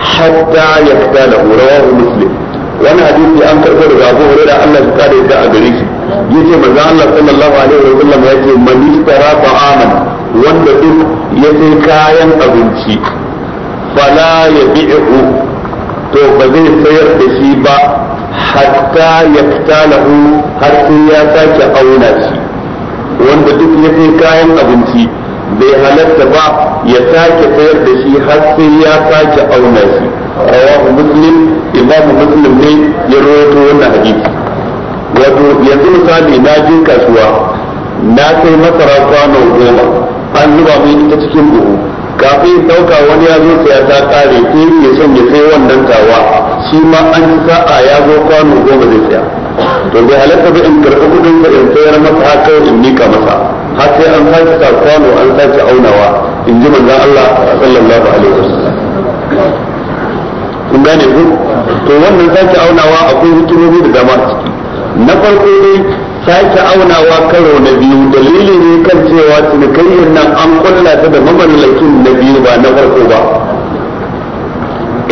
hatta yaqtalahu rawahu hadisi an karba da Abu Hurairah Allah ya kare da a gare shi yace manzo Allah sallallahu alaihi wa sallam yace man yashtara ta'aman wanda duk ya sai kayan abinci to ba zai sayar da shi ba hatta yaqtalahu har sai ya sake auna shi wanda duk ya kayan abinci bai halatta ba ya sake tsayar da shi har sai ya sake auna shi rawahu muslim imamu muslim ne ya rawaito wannan hadisi wato yanzu misali na je kasuwa na kai masara kwano goma an zuba mai ita cikin buhu kafin dauka wani ya zo sai ta kare sai ya son ya sai wannan tawa shi ma an sa'a ya zo kwano goma zai tsaya to bai halatta ba in karɓi kudin ba in sayar masa haka in mika masa haka an sake sa kwano an sake aunawa in ji manzon Allah sallallahu alaihi wasallam kun gane ku to wannan sake aunawa akwai hikimomi da dama ciki na farko dai sake aunawa karo na biyu dalili ne kan cewa cinikayyar nan an kulla ta da mamallakin na biyu ba na farko ba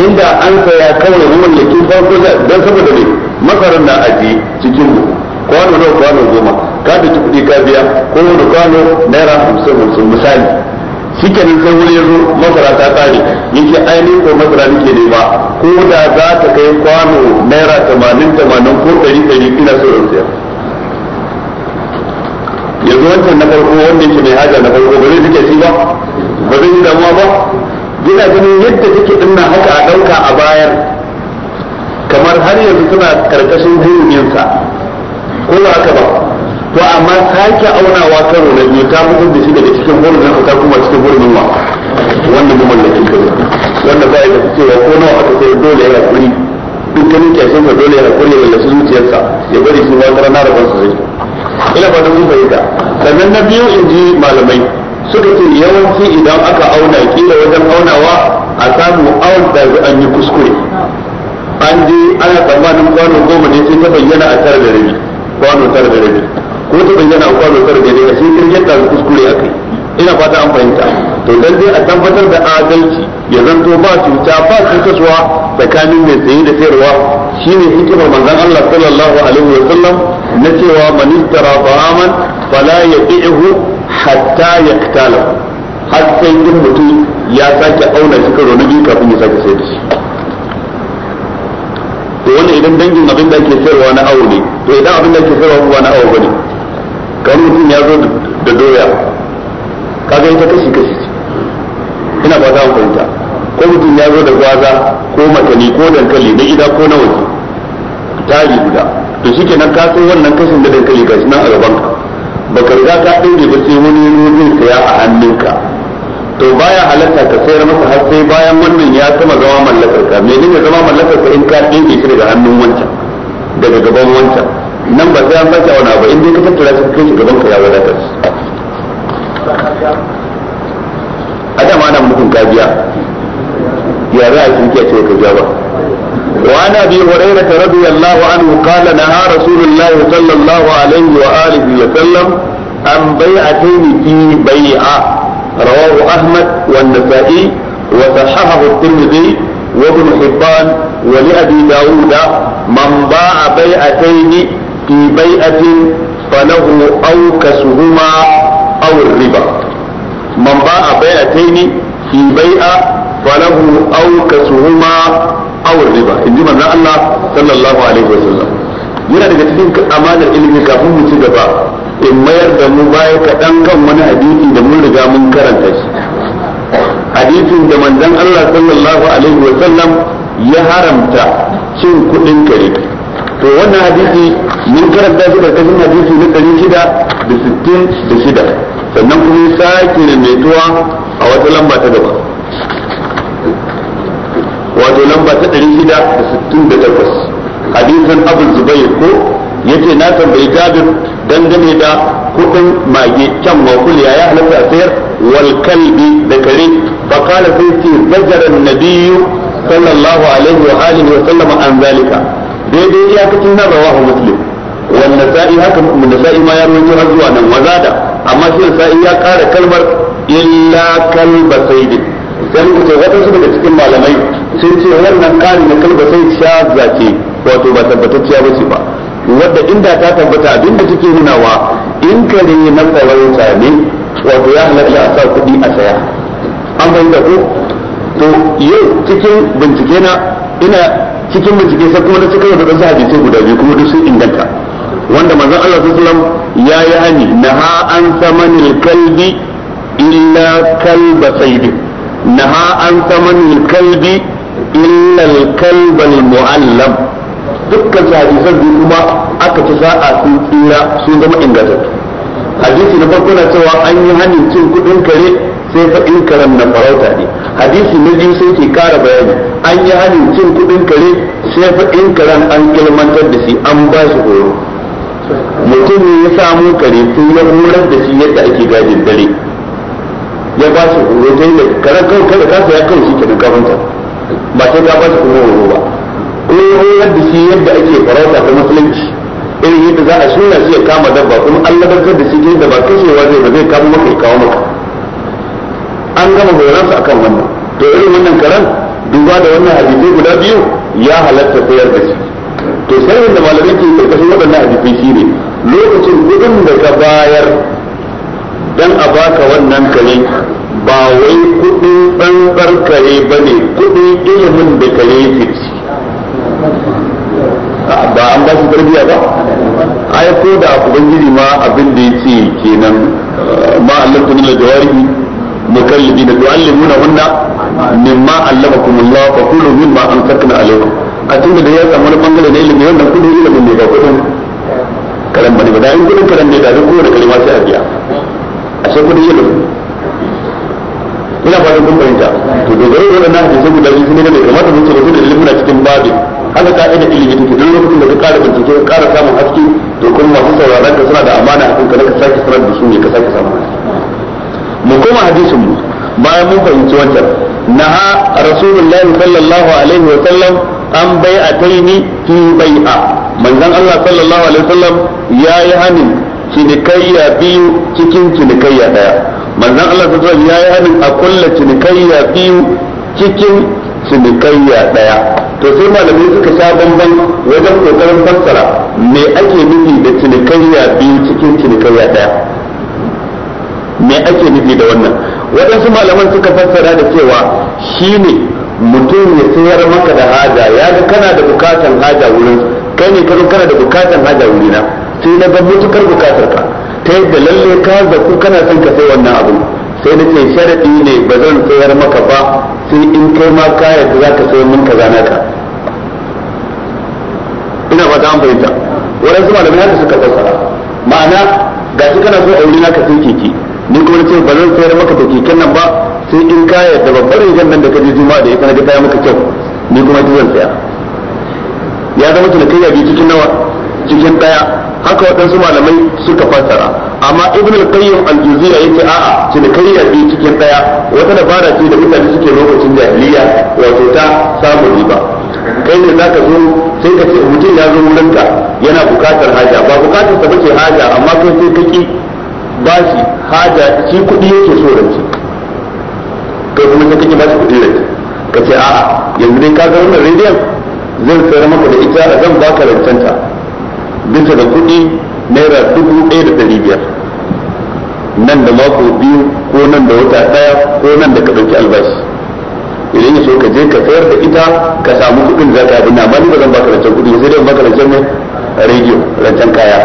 inda an saya kawai mamallakin farko dan saboda ne masarar na aji cikin mu kwano nawa kwano goma ka da kuɗi ka biya ko wani kwano naira hamsin hamsin misali shi kenan sai wuri ya zo masara ta tsare yake ainihin ko masara nake nema ko da za ta kai kwano naira tamanin tamanin ko ɗari ɗari ina so in sayar yanzu wancan na farko wanda yake mai haja na farko ba zai suke shi ba ba zai yi damuwa ba yana ganin yadda take na haka a ɗauka a bayar kamar har yanzu suna karkashin huruminsa ko ba haka ba to amma sake aunawa karo na biyu ta fitar da shi daga cikin hurumin ta kuma cikin hurumin wa mu mallaki karo wanda ba ya da cewa ko nawa aka sai dole ya hakuri dukkanin ke sa dole ya hakuri ya lallashi zuciyarsa ya bari su ba na rabon su ina ba da mun fahimta sannan na biyu in ji malamai suka ce yawanci idan aka auna kila wajen aunawa a samu auna da an yi kuskure an je ana tsammanin kwano goma ne sai ta bayyana a tara da rabi kwano tara da rabi ko ta bayyana a kwano tara da rabi a sai kirgin da kuskure kai ina fata an fahimta to dan dai a tabbatar da adalci ya zanto ba cuta ba kasuwa tsakanin mai saye da sayarwa shine hikimar manzon Allah sallallahu alaihi wa sallam na cewa man istara ta'aman fala yabi'uhu hatta yaktala har sai mutum ya sake auna shi karo na biyu kafin ya sake sayar da shi to wannan idan dangin abin da ke sayarwa na awo ne to idan abin da ke sayarwa ba na awo bane kamar mutum ya zo da doya kaga ita kashi kashi ce ina ba za mu fahimta ko mutum ya zo da gwaza ko makani ko dankali na gida ko na waje tari guda to kenan ka so wannan kashin da dankali gashi nan a gaban ka baka riga ka ɗaure ba sai wani yanzu zai saya a hannunka to baya halatta ka sayar masa har sai bayan wannan ya kama zama mallakar ka menene zama mallakar ka in ka ɗebe shi daga hannun wancan daga gaban wancan nan ba sai an sake wani abu in dai ka tattara shi kai shi gaban ka ya wadata shi a da ma nan mutum ka biya ya za a shirki a ce ka biya ba وعن ابي هريره رضي الله عنه قال نهى رسول الله صلى الله عليه واله وسلم عن بيعتين في بيعه رواه أحمد والنسائي وصححه الترمذي وابن حبان ولأبي داود من باع بيعتين في بيعة فله أوكسهما أو الربا من باع بيعتين في بيعة فله أوكسهما أو الربا إنما الله صلى الله عليه وسلم yana daga cikin amanar ilimi kafin mu ci gaba in mayar da mu baya kaɗan kan wani hadisi da mun riga mun karanta shi hadisin da manzon Allah sallallahu alaihi wa sallam ya haramta cin kuɗin kare to wannan hadisi mun karanta shi karkashin hadisi na ɗari shida da sittin da shida sannan kuma ya sake mai tuwa a wata lamba ta gaba wato lamba ta ɗari shida da sittin da takwas hadisin abu zubair ko yace na tambayi jabir dangane da kudin mage kyan makul ya halatta a sayar wal kalbi da kare fa kala sai ce zajaran nabiyyu sallallahu alaihi wa alihi wa sallama an zalika daidai iyakacin na rawahu muslim wal nasa'i haka mun nasa'i ma ya rawaito har zuwa nan wazada amma shi sa'i ya kara kalmar illa kalba sayyid sai ku ce su daga cikin malamai sun ce wannan kari na kalba sai shazza wato ba tabbatacciya ba ce ba wadda inda ta tabbata abinda take nunawa in kare na farauta ne wato ya halatta a sa kuɗi a saya an da ko to yau cikin bincike na ina cikin bincike sai kuma da suka yi wadansu hadisai guda biyu kuma duk sun inganta wanda manzon Allah sallallahu ya yi hani naha an samanil kalbi illa kalba sayyidi naha an samanil kalbi illa al kalba muallam dukkan su hadisan biyu kuma aka ci sa'a sun tsira sun zama ingantattu hadisi na farko na cewa an yi hanin cin kudin kare sai fa in karam na farauta ne hadisi na biyu sai ke kara bayani an yi hanin cin kudin kare sai fa in karam an ilmantar da shi an ba shi horo mutum ne ya samu kare tun ya horar da shi yadda ake gadin dare ya ba shi horo ta yi karen kawai kada ka ya kawai shi kenan kafin ba sai ka ba kuma horo ba kuma da shi yadda ake farauta ta musulunci irin yadda za a shirya shi ya kama dabba kuma an ladabtar da shi yadda ba kashewa zai ba zai kama maka ya kawo maka an gama horonsa akan wannan to irin wannan karan duba da wannan hadisai guda biyu ya halatta sayar da shi to sai da malamai ke karkashin waɗannan hadisai ne lokacin kuɗin da ka bayar dan a baka wannan kare ba wai kuɗin tsantsar kare bane kuɗin ilimin da kare yake ba an ba shi tarbiya ba ai ko da ubangiji ma abin da yace kenan ma allatu min al-jawarihi mukallibina tu'allimuna hunna mimma allah fa kulu mimma amsakna alaykum a tunda da ya samu wani bangare na ilimi wannan kudin ilimin ne ba kudin karan bane ba da in kudin karan ne da duk kowace kalma sai a biya a sai kudin ilimi ina fatan kun fahimta to dogaro da wannan hadisi guda biyu ne da kamata mun ce da ilimi na cikin babin haka ka'idar ilimi take duk lokacin da ka ƙara bincike ka ƙara samun haske to kuma masu sauraron ka suna da amana a kanka ka sake sanar da su ne ka sake samun mu koma hadisin mu bayan mun fahimci wancan naha rasulullahi sallallahu alaihi wa sallam an bai'ataini fi bai'a manzon Allah sallallahu alaihi wa sallam yayi hanin cinikayya biyu cikin cinikayya daya manzon Allah sallallahu alaihi wa sallam yayi hanin a kullu cinikayya biyu cikin cinikayya daya to sai malamai suka sha bamban wajen kokarin fassara me ake nufi da cinikayya biyu cikin cinikayya daya me ake nufi da wannan waɗansu malaman suka fassara da cewa shine mutum ya sayar maka da haja ya ga kana da bukatan haja wurin kai ne kaga kana da bukatan haja wurina sai na ga mutukar bukatar ka ta yadda lalle ka zaku kana son ka sai wannan abu sai na ce sharadi ne ba zan sayar maka ba sai in kai ma ka yadda za ka sayar min zana ka ina ba ta fahimta zuma da haka suka fassara ma'ana ga shi kana so wuri naka sai keke ni kuma ce ba zan sayar maka da keken nan ba sai in ka yadda babbar rigar nan da ka je juma'a da ita na ga ta maka kyau ni kuma ita zan saya ya zama kai ya biyu cikin nawa cikin daya haka waɗansu malamai suka fassara amma ibn al-qayyim al-juziyya yace a'a cinikayya bi cikin daya wata dabara ce da mutane suke lokacin jahiliya wato ta samu riba kai ne zaka zo sai ka ce mutum ya zo wurinka yana bukatar haja ba bukatar ta bace haja amma kai sai ka ki bashi haja shi kuɗi yake so rance kai kuma sai kake bashi kuɗi rance ka ce a'a yanzu dai ka ga wannan rediyon zan sayar maka da ita zan baka rancenta bisa da kuɗi naira dubu ɗaya da ɗari biyar nan da mako biyu ko nan da wata ɗaya ko nan da ka ɗauki albashi idan ya so ka je ka sayar da ita ka samu kuɗin za ka abin amma ni ba zan baka rancen kuɗi sai dai baka rancen mai rediyo rancen kaya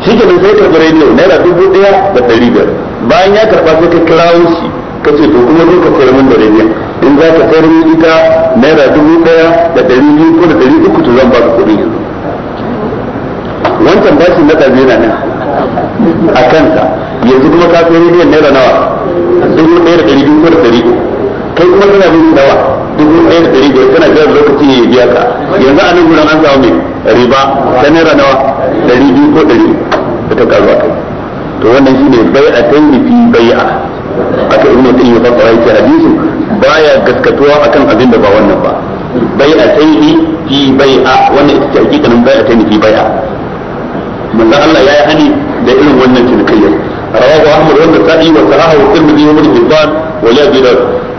shi ke sai karɓi rediyo naira dubu ɗaya da ɗari biyar bayan ya karɓa sai ka kira shi ka ce to kuma zo ka sayar min da rediyo in za ka sayar min ita naira dubu ɗaya da ɗari biyu ko da ɗari uku to zan baka kuɗin yanzu wancan bashin shi ɗabi na nan a kanta yanzu kuma ka sai ne naira nawa dubu ɗaya da ɗari biyu da ɗari kai kuma kana bin dawa dubu ɗaya da ɗari biyar kana jiran lokaci ya biya ka yanzu a nan gudan an samu mai riba ta naira nawa ɗari biyu ko ɗari da ta karuwa kai to wannan shi ne bai a taimifi bai a aka ibn qayyim fa fara yake ba baya gaskatuwa akan abin da ba wannan ba bai a taimifi bai a wannan ita ce kikanin bai a taimifi bai a manzo Allah ya yi hani da irin wannan cinikayya rawahu ahmad wanda sa'i wa sahahu wa tirmidhi wa ibn hibban wa la bidar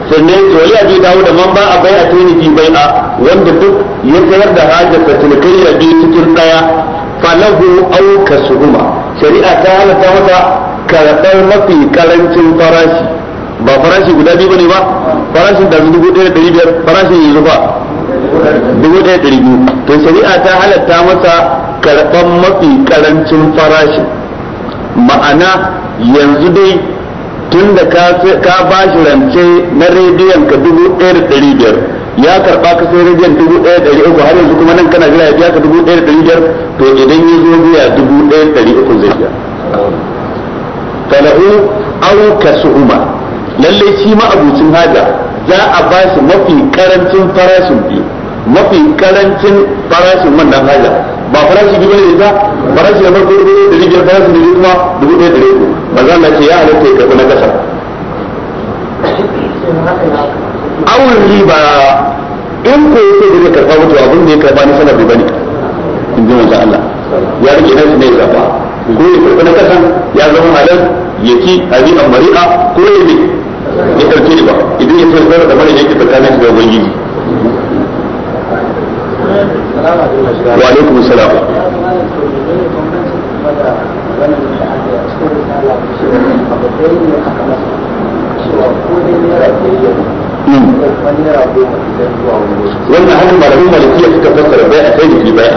sannan wa la bidar da man ba a bai a taini bai a wanda duk ya sayar da hajarsa cinikayya bi cikin daya falahu aw kasuhuma shari'a ta halatta mata karɓar mafi karancin farashi ba farashi guda biyu bane ba farashin da dubu ɗaya da ɗari biyar farashin yanzu ba dubu ɗaya ɗari biyu to shari'a ta halatta masa karɓan mafi karancin farashi ma'ana yanzu dai tun da ka ba shi rance na rediyon ka dubu ɗaya da ɗari biyar ya karɓa ka sai rediyon dubu ɗaya da ɗari uku har yanzu kuma nan kana jira ya biya ka dubu ɗaya da ɗari biyar to idan ya zo biya dubu ɗaya da ɗari uku zai biya. falahu au ka su'uma lallai shi ma abucin haja za a ba su mafi karancin farashin bi mafi karancin farashin man dan haja ba farashin biyu ne ba farashin na ko dubu ɗaya ɗari farashin farashi ne kuma dubu da dare ko ba za na ce ya halatta ya karɓi na ƙasa awon riba in ko yake da zai karɓa mutu abin da ya karba ni sanar da bane in ji manzo Allah ya rike nan ne ya ba ko ya karɓi na ya zama halal ya ci abi ko ya ne ya ɗauke shi ba idan ya tsara da barin yake tsakanin da ubangiji wa alaikum salam hmm. wannan hannun malamin malikiya suka fassara bai a kai da bai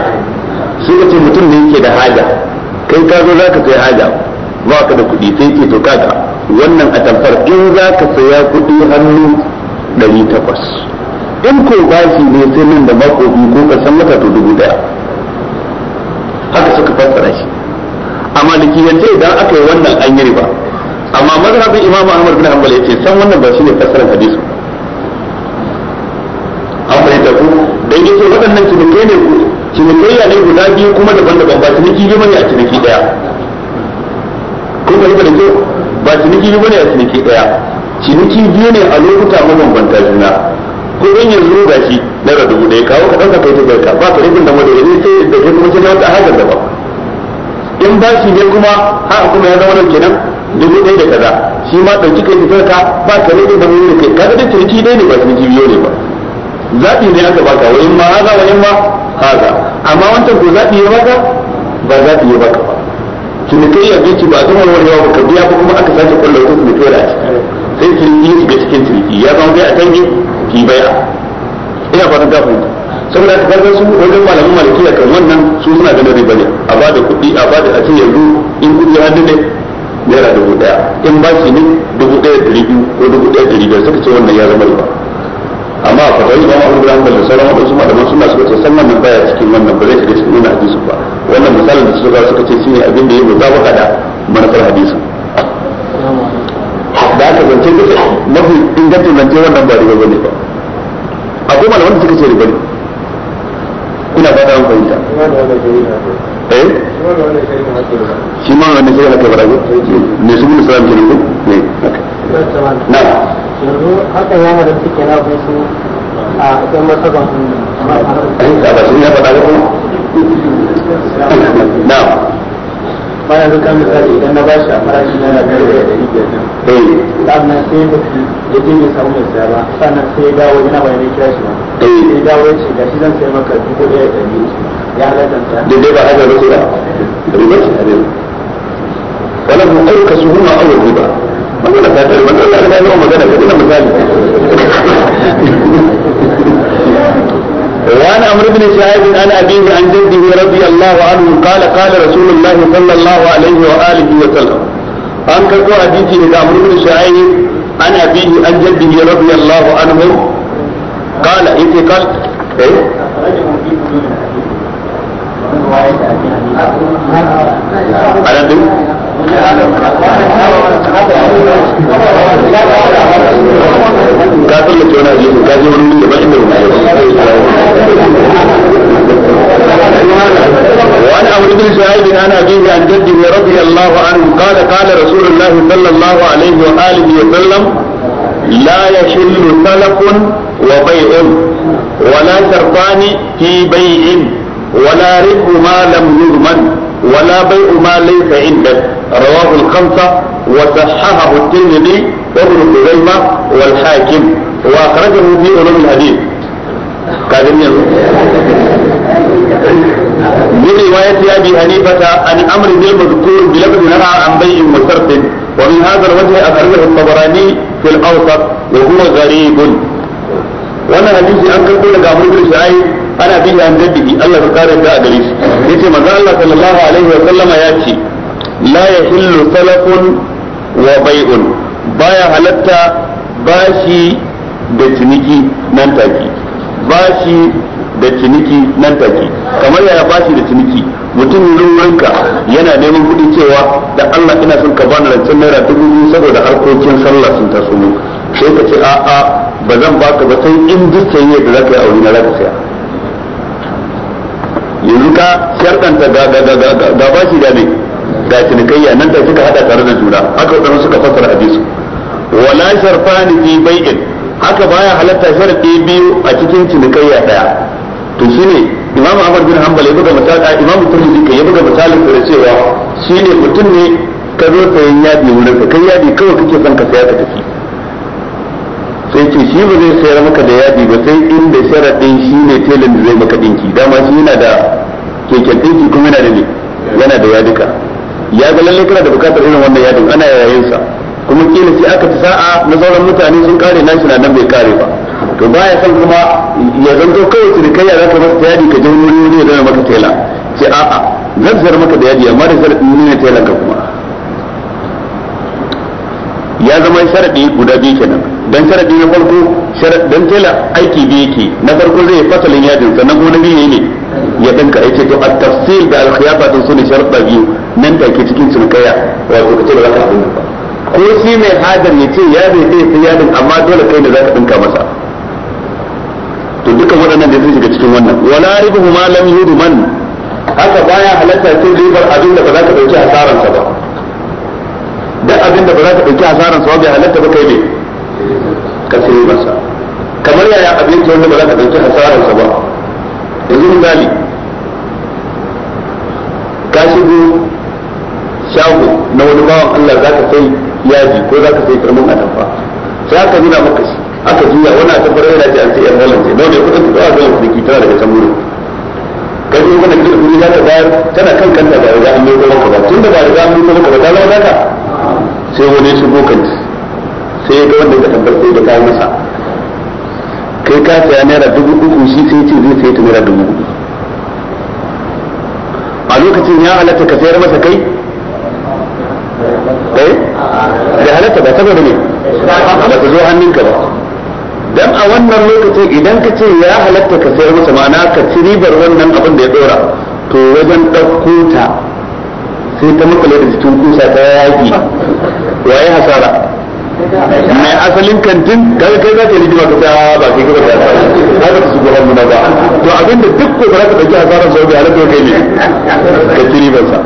su ka ce mutum da yake da haja kai ka zo za ka kai haja ba ka da kuɗi sai ke to kaga wannan a tamfar in za ka saya kuɗi hannu ɗari takwas in ko bashi ne sai nan da mako biyu ko kasan wata to dubu ɗaya haka suka fassara shi amma da kiyance idan aka yi wannan an yi riba amma mazhabin imamu ahmad bin hanbal ce, san wannan ba shine fassarar hadisi an fahimta ku dan yace waɗannan cinikai ne cinikayya ne guda biyu kuma daban-daban ba ciniki biyu mai a ciniki ɗaya ko ba da kyau ba ciniki biyu ne a ciniki daya ciniki biyu ne a lokuta mabambanta juna in yanzu ga shi naira dubu ɗaya kawo ka ɗauka kai ta ka ba ka rikin da madogari sai da kuma cikin wata hajar da ba in ba shi ne kuma ha kuma ya zama nan kenan dubu ɗaya da kaza shi ma ɗauki kai ta ka ba ka rikin da madogari kai kaga da ciniki ɗaya ne ba ciniki biyu ne ba zaɓi ne aka baka wa in ma haza wa in ma haza amma wancan ko zaɓi ya baka ba zaɓi ya baka ba cinikayya bai ci ba zama wani yawa ka biya ba kuma aka sake kwallon ko kuma tura a sai ciniki ya e shiga cikin ciniki e. ya zama bai a kan yi ki baya ina ba ta gafu saboda ka kaga su wajen malamin ya kan wannan su suna ganin riba ne a ba da kuɗi a ba da a ce yanzu in kuɗi hannu ne naira dubu ɗaya in ba shi ne dubu ɗaya ɗari biyu ko dubu ɗaya ɗari biyar suka ce wannan ya zama riba amma a fadar imam abu da hanbal da sauran wadansu malaman suna suka ce sannan nan baya cikin wannan ba zai shiga cikin wannan hadisin ba wannan misalin da suka suka ce shine abin da ya muzabaka da manufar hadisin da aka zance duka mafi ingancin zance wannan ba riba bane ba akwai malaman da suka ce riba ne ina ba da an fahimta eh shi ma wannan shi ne aka barago ne su bin islam kenan ko ne na yanzu hakan ya halatta ke na akwai su a akwai masaban a ba shi ya faɗa kuma na bayan yanzu kan misali idan na bashi a farashi na na biyar da ɗari biyar ɗin eh. sannan sai mutum ya je ya samu mai ba sannan sai ya dawo yana bayan ya kira shi ba eh. sai ya dawo ya ce ga zan sai maka dubu ɗaya ɗari ya halatta ta daidai ba a ba ce ba riba ce a riba a kuma ayyuka su a aure riba wannan ta tare wannan Allah ya zama magana ka dina misali وعن عمرو بن شهاب عن أبيه عن جده رضي الله عنه قال قال رسول الله صلى الله عليه وآله وسلم an karɓo hadisi ne da Amr ibn Shu'ayb an abihi an jaddihi radiyallahu anhu qala yake kal الله عليه وآله وسلم لا يحل سلف وبيع ولا شرطان في بيع ولا ربح ما لم يضمن ولا بيع ما ليس عندك رواه الخمسة وصححه الترمذي وابن سليمة والحاكم وأخرجه في علوم الحديث قادم من رواية أبي حنيفة عن أمر المذكور بلفظ نهى عن بيع وشرط ومن هذا الوجه أخرجه الطبراني في الأوسط وهو غريب وانا حديث أن تقول لك بن شعيب أنا به عن جده الله تعالى جاء قريش يتي ماذا الله صلى الله عليه وسلم يأتي لا يحل سلف وبيع بايا هلتا باشي da ciniki nan take bashi da ciniki nan take kamar yaya bashi da ciniki mutum ya yana neman kuɗi cewa da Allah ina son ka bani rancen naira dubu biyu saboda harkokin sallah sun taso mu sai ka ce a'a ba zan baka ba sai in duk sayayyar da zaka yi aure na zaka saya yanzu ka sharɗanta ga ga ga ga ga da ne cinikayya nan da suka hada tare da juna haka wadannan suka fassara hadisi wala sharfani fi bai'in haka baya halatta sharadi biyu a cikin cinikayya daya to shine imamu ahmad bin hanbal ya buga misali imamu tunu kai ya buga misalin da cewa shine mutum ne ka zo sayan yadi wurin ka kai yadi kawai kake son ka saya ka tafi sai ce shi ba zai sayar maka da yadi ba sai inda sharaɗin shi ne telin da zai maka ɗinki dama shi yana da keken ɗinki kuma yana da ne yana da yadika ya ga lallai kana da bukatar irin wannan yadin ana yayin sa kuma kila sai aka ci sa'a na sauran mutane sun kare nashi na nan bai kare ba to ya san kuma ya zanto kawai cinikayya za ka masa ta yadi ka je wuri wuri ya zama maka tela ce a'a zan zara maka da yadi amma da ɗin nuna telan ka kuma ya zama sharaɗi guda biyu kenan dan sharaɗi na farko dan tela aiki biyu yake na farko zai fasalin yadin sannan kuma na biyu ne ya danka aice to a tafsir da al-khiyafa ne sune sharaɗa biyu nan ke cikin cinikayya wato ce ba za ka abin ba ko shi mai hajar ya ce ya zai sai yadin amma dole kai ne za ka ɗinka masa to duka waɗannan da zai shiga cikin wannan wala ribu ma lam man haka baya halatta sai ribar abin da ba za ka dauki hasaran sa ba da abin da ba za ka dauki hasaran sa ba bai halatta ba kai ne ka sai masa kamar yaya abin da wanda ba za ka dauki hasaran sa ba yanzu misali ka shigo shago na wani bawan Allah za ka sai yaji ko za ka sai karamin ba sai aka nuna maka shi aka juya wani a fara yana ce an ce yan wallan ce nawa ne kudin ta zuwa zuwa kudi tana daga can gudu kai yi wani kudin kudi za ta bayar tana kan kanta ba riga an miko maka ba tun da ba riga an miko maka ba ta zama naka sai wani su kanta sai ga wanda ka tambar sai da kawo masa kai ka saya naira dubu uku shi sai ce zai sai ta naira dubu uku a lokacin ya halatta ka sayar masa kai kai da halatta ba saboda ne ba ta zo hannunka ba dan a wannan lokacin idan ka ce ya halatta ka sayar masa ma'ana ka ci ribar wannan abin da ya dora to wajen ɗauko ta sai ta makale da jikin kusa ta yaƙi waye hasara mai asalin kantin kai kai za ka yi rigima ka ta ah, ba kai gaba ta ba za ka su gura muna ba to abin da duk ko ba za ka ɗauki hasarar sau da halatta kai ne ka ci sa.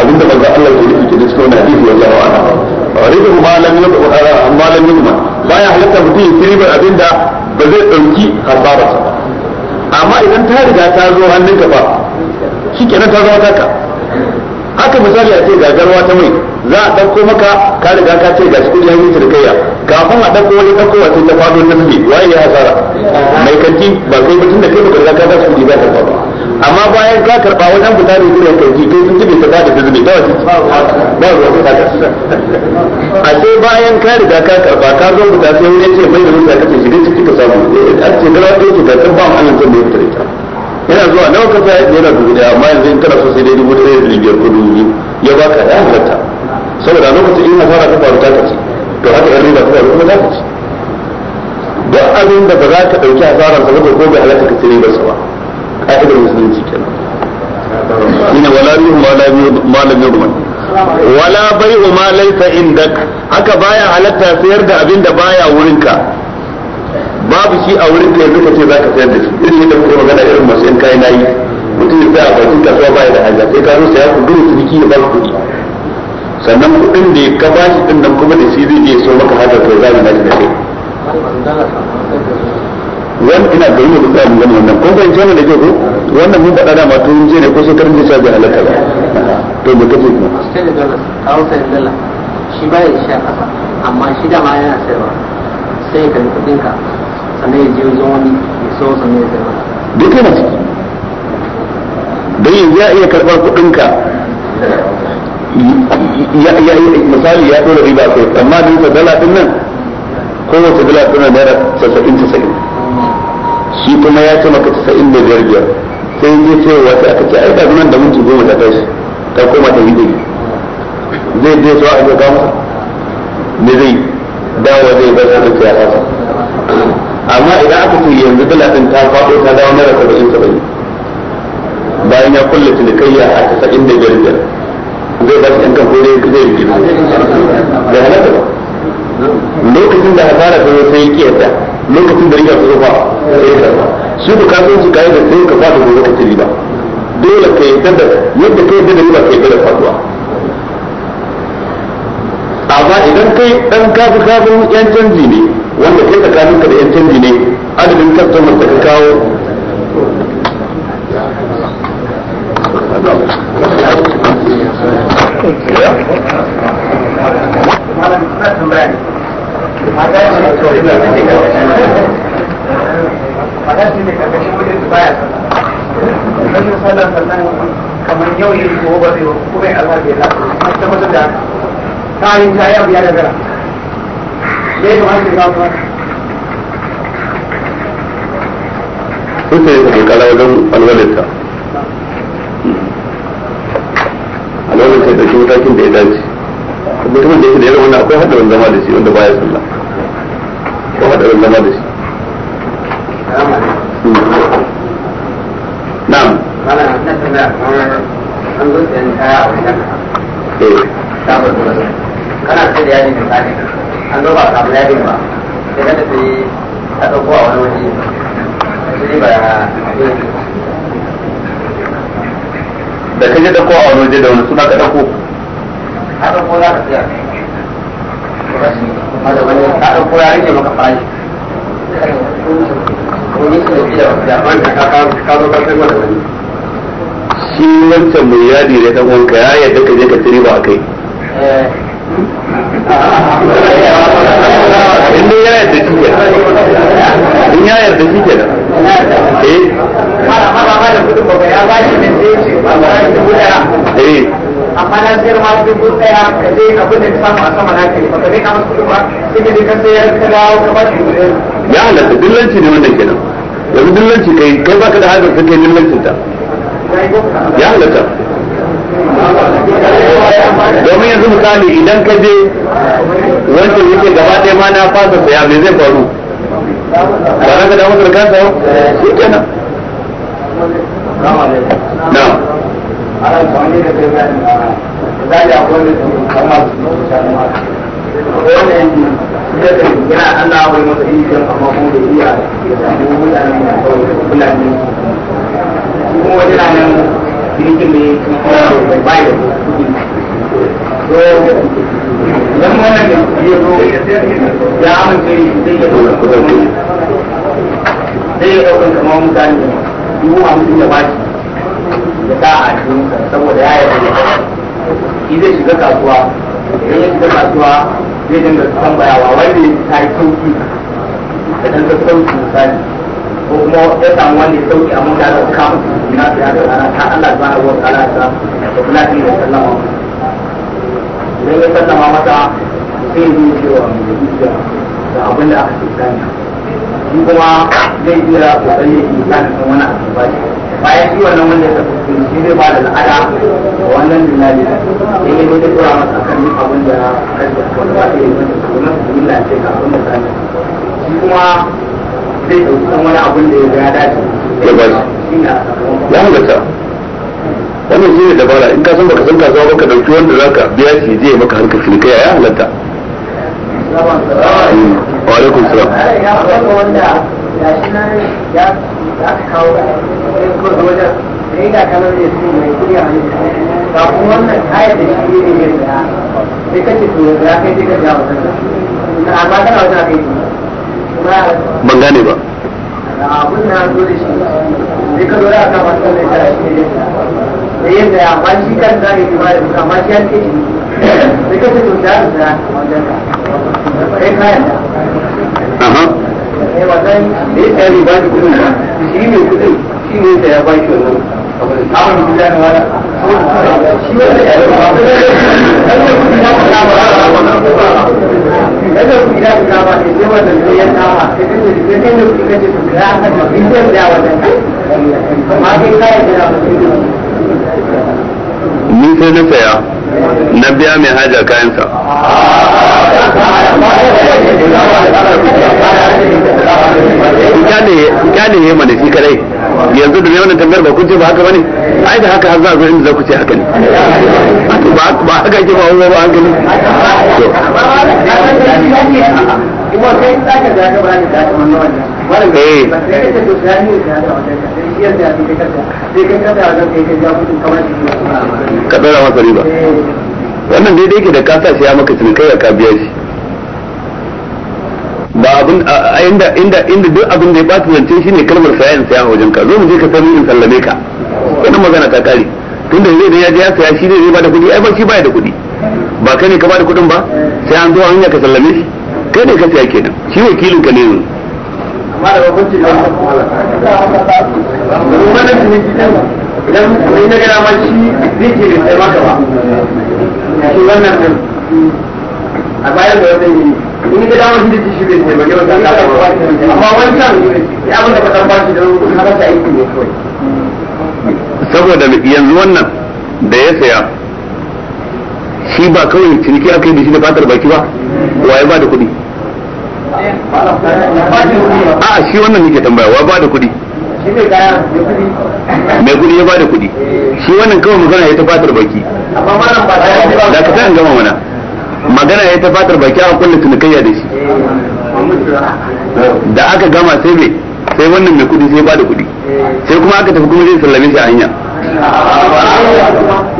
abin da banza Allah ke da ke da suka wani hadisi wajen wa'ana ribar ma lam yi ma baya halatta mutum ya ci ribar abin da ba zai ɗauki hasabarsa ba amma idan ta riga ta zo hannunka ba shi kenan ta zama taka haka misali a ce garwa ta mai za a ɗauko maka ka riga ka ce ga shi kudi hanyar cirkayya kafin a ɗauko wani ɗauko wato ta faɗo nan mai waye ya hasara mai kanti ba kai mutum da kai ka riga ka ba su ba ta ba amma bayan ka karba wajen fita ne zuwa kai kai sun jibe ta da zubi ba wani ba wani ka a sai bayan ka riga ka karba ka zo fita sai wani ce mai da wuta ka ce shiga ciki ka samu eh, a ce gara da yake gasar ba mu amince mai fitar ita yana zuwa nawa ka sai yana dubu da amma yanzu in kana so sai dai dubu daya da biyar ko dubu ya ba ka ya halatta saboda lokacin in hasara ka faru ta ce to haka yan riba ta faru kuma ta ce duk abin da ba za ka ɗauki hasaran sa ba ko bai halatta ka tsire ba sa ba ka'idar musulunci kenan shine wala bihu ma lam yurman wala bai'u ma laysa indak haka baya halatta sayar da abin da baya ka babu shi a wurin ka yanzu ka ce zaka sayar da shi irin yadda kuka magana irin masu yan kayan nayi mutum ya tsaya a bakin kasuwa baya da haja sai ka zo saya ku gudu ciniki ya ba ku kuɗi sannan kuɗin da ka bashi din nan kuma da shi zai je so maka hajar to zamu na shi da kai wani ina gari yi kuka mun gani wannan ko ban jama da ke ko wannan mun faɗa dama tun je ne ko shekarun je ta bai halatta ba to mu kace kuma sai da dala kawo sai da dala shi ba ya sha kasa amma shi da ma yana sayarwa sai ka karbi kudin ka sannan ya je wajen wani ya so sannan ya sayarwa duk yana ciki dan ya iya karɓar kudin ka ya ya misali ya dora riba kai amma duk da dala din nan kowace dala tana naira 90 90 shi kuma ya ce maka tasa'in da biyar biyar sai ya ce wa sai aka ce ai da nan da minti goma ta tashi ta koma ta hidin zai je so a ga masa ne zai dawo zai bar ta tafiya kasa amma idan aka ce yanzu dala din ta faɗo ta dawo naira saba'in bayi bayan ya kulle cinikayya a tasa'in da biyar biyar zai ba shi ɗan kan kore zai yi da halatta ba lokacin da hasara ta zo sai ya kiyarta lokacin da riga zuwa su ba da ka su kayi da sai ka ba da lokacin riba dole ka yadda da yadda ka yadda da riba ka yadda da faduwa amma idan kai dan kafi kafin yan canji ne wanda kai tsakanin ka da yan canji ne adadin kastomar da ka kawo Thank you. kamar ta yi ta ta ta ta a ta da ta ta ta ta ta ta yi ta wajen alwalinta. Alwalinta da shi ta da ya dace. Mutumin da ya da yawan akwai haɗarin zama da shi wanda baya sallah. ka da zama da shi na'am eh. kana da misali an zo a ba sai ɗauko a wani waje ba da kaje da ko a wani waje da wani suna ka ɗauko ka ɗauko za ka mada wani ka ɗauko ya rage maka fari shi wancan mai yadi da ɗan wanka ya yadda ka je ka tiri ba a kai in ya yarda shi ke in ya yarda shi ke eh amma na sayar ma dubu daya ka je abin da ka samu a sama na ke ba ka je ka masu ba sai ka je ka sayar ka dawo ka ba shi kuɗi ya halatta dillanci ne wannan kenan yanzu dillanci kai kai baka da hajar kake dillancin ta ya halatta domin yanzu misali idan ka je wancan yake gaba ɗaya ma na fasa saya mai zai faru ba na ka damu sarkansa shi kenan na'am ana amfani da kai zai da ya ne da kama su ma da yana Allah wai masa amma da iya da mu mutane ne kawai ne kuma nan ne kuma bai da ne ya zo ya amince zai ya zai ya kamar mutane da ya sa a jinsa saboda ya yi shi zai shiga kasuwa idan ya shiga kasuwa zai dinga tambayawa wanda ya ta yi sauki da ɗan sassauci misali ko kuma ya samu wanda ya sauki a mota da kama na su ya tsara ta Allah zuwa na wata ala ta da kula da ya sallama idan ya sallama mata sai zai cewa mai zuciya da abin da aka ce sani shi kuma zai iya kokari ya yi sanin wani abu ba shi bayan shi wannan wanda ta fuskuri shi zai ba da al'ada wannan dinari da ya yi wata tura masa kan yi abin da rage wanda ba ta yi wata kuma su yi lafiya ga abin da sami shi kuma zai ɗauki kan wani abin da ya dace ya ba shi ya ta wannan shi ne dabara in ka san baka san kasuwa baka dauki wanda za ka biya shi je maka harkar shirka ya halatta hmm. wa alaikum salam ya shi kawo da ko wajen mai a ya ya kai ban gane ba abun na zo da shi sai zo da aka masu da ya shi ne da yin da amma shi kan da ya ba da amma shi ya shi sai ka ce da wajen da kai kayan da wannan da ya tsari ba shi kudin ba shi ne kudin shi ne ta ya ba shi wannan abin ya na na yan nama sai kan na sai na saya na biya mai haja kayansa kyale ya mana shi kadai yanzu da wannan tambayar ba kun ce ba haka bane ai da haka har za zo inda za ku ce haka ne ba ba haka ke ba wannan ba hankali to eh. ka tsara masa riba wannan daidai ke da kasa yi shi ya maka cinikai ka biya shi ba abin inda inda inda duk abin da ya bata zance shine kalmar saya in saya wajen ka zo mu je ka sani in sallame ka wannan magana ta kare tunda zai da ya je ya saya shi zai ba da kuɗi ai ba shi baya da kuɗi ba kai ne ka bada kuɗin ba sai an zo an ka sallame shi kai ne ka saya kenan shi wakilin ka ne yanzu amma da hukunci da idan kuma na gara ma shi zai ke bai maka ba shi wannan a bayan da wata yi in amma wancan ya abin da ka shi da aiki ne kawai saboda yanzu wannan da ya saya shi ba kawai ciniki aka yi da shi da fatar baki ba waye ba da kuɗi a ah, shi wannan nike tambaya wa ba da kuɗi mai kuɗi ya ba da kuɗi shi wannan kawai magana ya ta fatar baki da ka kan gama mana magana ya ta fatar baki a kulle cinikayya da shi da aka gama sai bai sai wannan mai kudi sai ba da kudi sai kuma aka tafi kuma zai sallame shi a hanya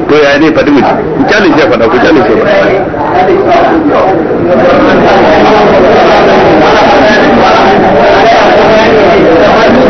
to ya ne faɗi mutum ku kyalin shi ya faɗa ku kyalin shi ya faɗa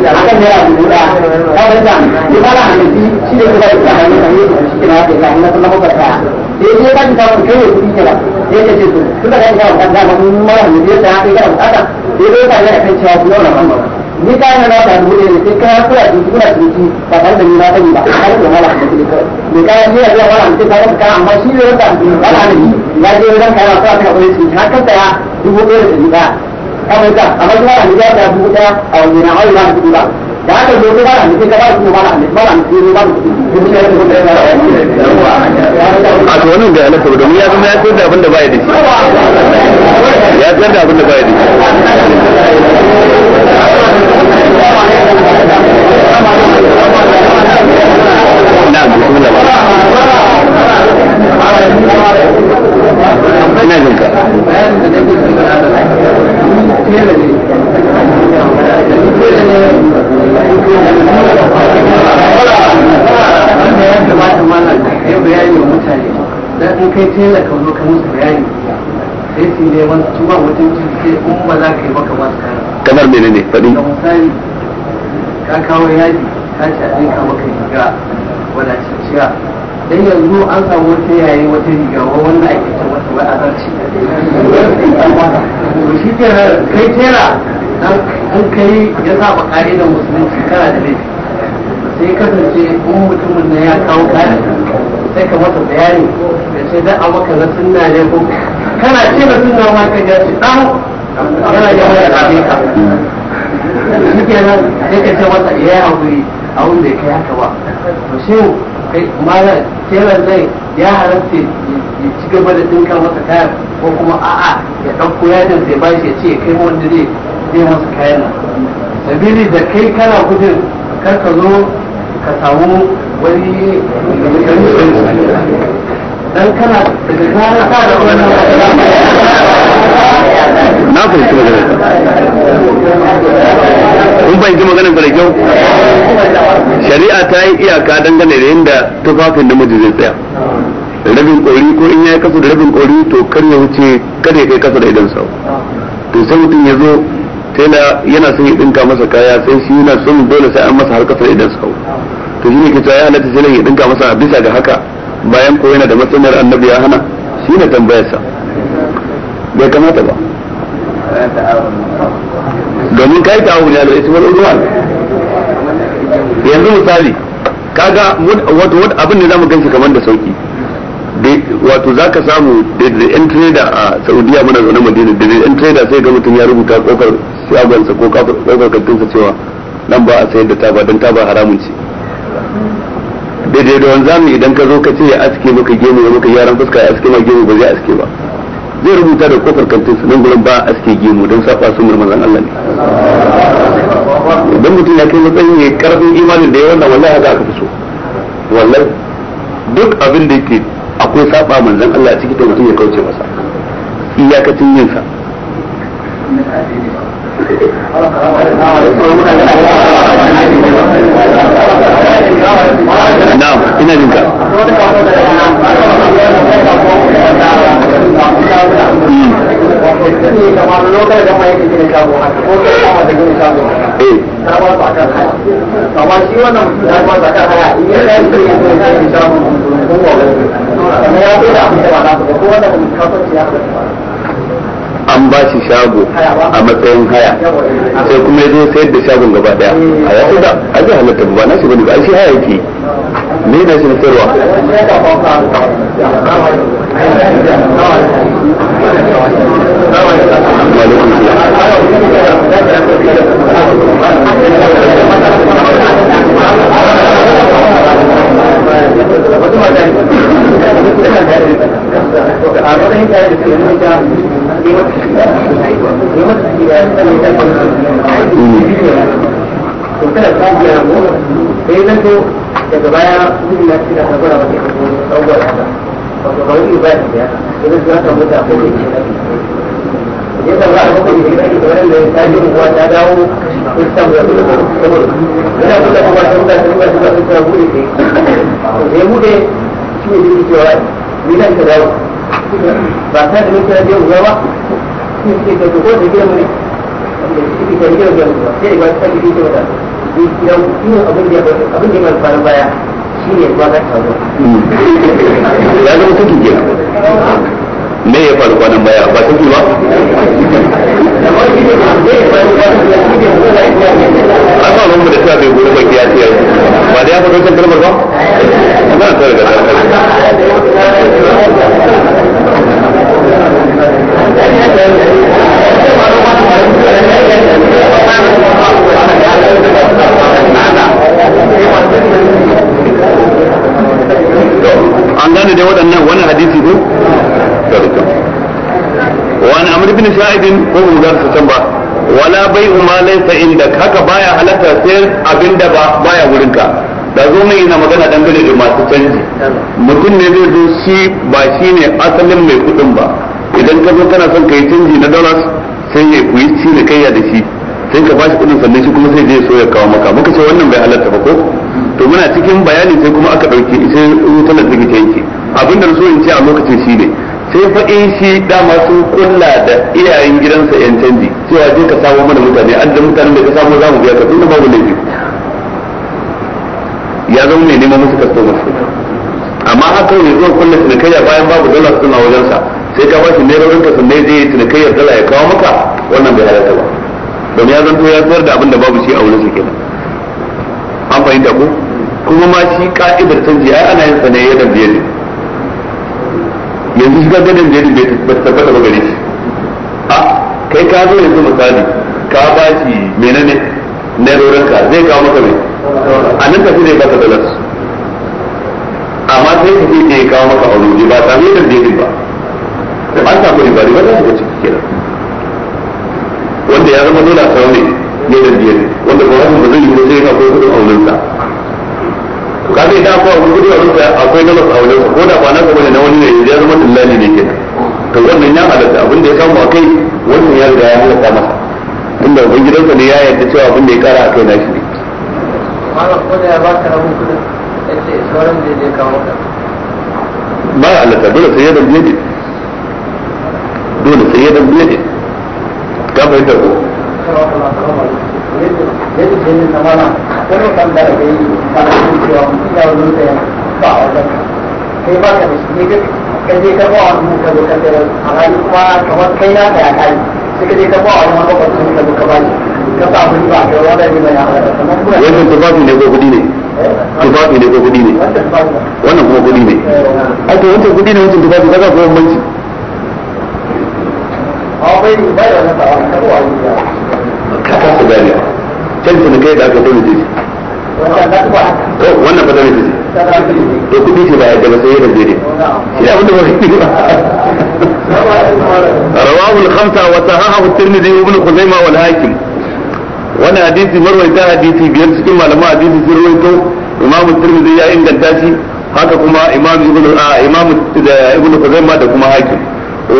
akan naira dubu ɗaya ta wani zan ya fara halittu shi ne kuma da hanyar da yake shi ke na wata ya hanyar kuma kuma ta da ya ba shi samun kai ne ke ba da ya ce su suka kan kawo kan dama mun mara halittu ya ta ya kawo kasa da ya ba ya kan cewa kuma wannan ba ni kayan na wata dubu ne sai kayan kura su kura su ci ba tare da ni na sani ba har da mara halittu ne kawai mai kayan naira zuwa mara halittu ta wata kayan amma shi ne wata wata halittu ya je wajen kayan masu wata kawai su har kan saya dubu ɗaya da ɗari ɗaya saboda amma kuma da mijin da su da a wani na aure ba da kudi ba da haka zo ba da mijin ka ba su ba da mijin ba da mijin ba da kudi a to wannan da alaka ba domin ya zama ya sayar da abin da baya da shi ya sayar da abin da baya da shi na bismillah ina jinka kai tela ka zo musu bayani sai su wani tuba wajen ciki in ba za ka yi maka kamar mene ne faɗi misali ka kawo yaji ka ci ka maka riga wadatacciya dan yanzu an samu wata yayi wata riga wanda ake ta wata wa'azarci shi ke kai tera an kai ya saba kare da musulunci kana da laifi sai kasance in mutumin na ya kawo kayan sai ka masa bayani da ce dan abu maka na sunna ne ko kana ce na sunna ma ka ga shi dan yana ya waya da ka shi ke nan sai ka ce masa yayi hakuri a wanda ya kai haka ba to malam telan zai ya halatta ya ci gaba da dinka masa kayan ko kuma a'a ya ɗauko yadin zai ba shi ya ce ya kai wanda zai zai masa kayan nan sabili da kai kana gudun kar ka zo ka samu wani na kuma maganar kun fahimci maganar da kyau shari'a ta yi iyaka dangane da yadda tufafin namiji zai tsaya rabin kori ko in yayi kasa da rabin kori to kar ya wuce kada ya kai kasa da idan sau to sai mutum ya zo tela yana son ya dinka masa kaya sai shi yana son dole sai an masa har kasa da idan sau to shi ne ke cewa ya halatta sai ya dinka masa bisa ga haka bayan ko yana da matsalar annabi ya hana shi ne tambayarsa bai kamata ba domin kai ta ne da ismar udwan yanzu misali kaga wato wani abin da zamu ganshi kamar da sauki wato za ka samu da yan trader a saudiya muna zaune madina da yan trader sai ga mutum ya rubuta kokar shagonsa ko kokar kantinsa cewa nan ba a sayar da taba don taba haramun ce daidai da wanzami idan ka zo ka ce ya aske maka gemu ya maka yaran fuska ya aske ma gemu ba zai aske ba zai rubuta da kofar kantin su don gurin ba aske gemu don saba su zan Allah ne idan mutum ya kai matsayin ya karfin imanin da ya wannan wallahi za ka fi so wallahi duk abin da yake akwai saba manzon Allah a ciki da mutum ya kauce masa iyakacin yin sa na'am ina jinka hmm. Eh. an ba shi shago a matsayin haya sai kuma ya zo sayar da shagon gaba daya a wasu da a zai halatta ba na shi bane ba shi haya yake me na shi nasarwa daga baya da ya ci da kagura wata ya kuma tsawon haka wato kawai yi bayan da ya idan da ka mutu a kuma yake rabi ya zama a kuma yake rabi da wannan da ya da kuwa ta dawo ko ta mu ya kuma saboda yana kuma kuma ta mutu ta mutu ta mutu ta bude sai to sai bude shi ne duk cewa ni nan ta dawo ba ta da mutum ya je uwa ba sai da gidan ne shi ka da ba da ya da da ne ba hmm. ya zama kuki ke me ya faru kwanan baya ba kuki ba a kan rumu da ta bai gori ba ya ce ba da ya faɗo kan kalmar ba? Ana tare da an gane da waɗannan wani hadisi ko wani amr bin shaidin ko ugar su can ba wala bai ma laysa inda haka baya halatta sayar abinda ba baya wurinka da zo mai yana magana dangane da masu canji mutum ne zai zo shi ba shine asalin mai kuɗin ba idan ka zo kana son ka yi canji na dollars sai ya ku yi ci da kayya da shi sai ka bashi kudin sannan shi kuma sai je so ya kawo maka muka ce wannan bai halatta ba ko to muna cikin bayani sai kuma aka dauke sai wutar da take yanke abin da so in ce a lokacin shi ne sai fa in shi dama sun kulla da iyayen gidansa yan canji cewa je ka samo mana mutane an da mutanen da ka samo za mu biya ka tunda babu laifi ya zama mai neman musu kastomar amma haka ne zo kulla cinikayya bayan babu dala suna wajensa sai ka bashi naira rinka ne zai yi kai dala ya kawo maka wannan bai halatta ba don ya zanto ya sayar da abin da babu shi a wurin su kenan an fahimta ko kuma ma shi ka'idar canji ai ana yin sanaye ya dambe ne yanzu shi ga gadon ne ba su tabbata ba gare shi a kai ka zo yanzu misali ka bashi menene ne nairorinka zai kawo maka mai a nan tafi zai baka dalas amma sai ka ce ya kawo maka a wurin ba tare da biyu ba an samu riba riba za su ga ciki kenan wanda ya zama dole a samu ne ne da biye ne wanda ba wani yi sai akwai kudin auren sa to kaga idan akwai akwai kudin auren sa akwai na masu auren sa ko da ba gaba ne na wani ne ya zama dillali ne kenan to wannan ya halatta abin da ya samu a kai wannan ya riga ya halatta masa tunda ubangidansa ne ya yarda cewa abin da ya kara a kai na shi ne ba a halatta dole sai ya dambe ne dole sai ya dan biye ne ka bai da ko ba ne a tufafi ne ko kudi ne tufafi ne ko kudi ne wannan kuma kudi ne a to wancan kudi ne wancan tufafi kaga ko banci ka ta su gane can su kai da aka dole je to wannan fata ne to kudi ce ba yadda ba sai yana jere shi abin da ba kai ba rawahu al-khamsa wa sahahahu at-tirmidhi wa ibn khuzaimah wal hakim wani hadisi marwaita hadisi biyar cikin malaman hadisi sun rawaito imam at-tirmidhi ya inganta shi haka kuma imam ibn ah, imam eh, ibn khuzaimah da kuma hakim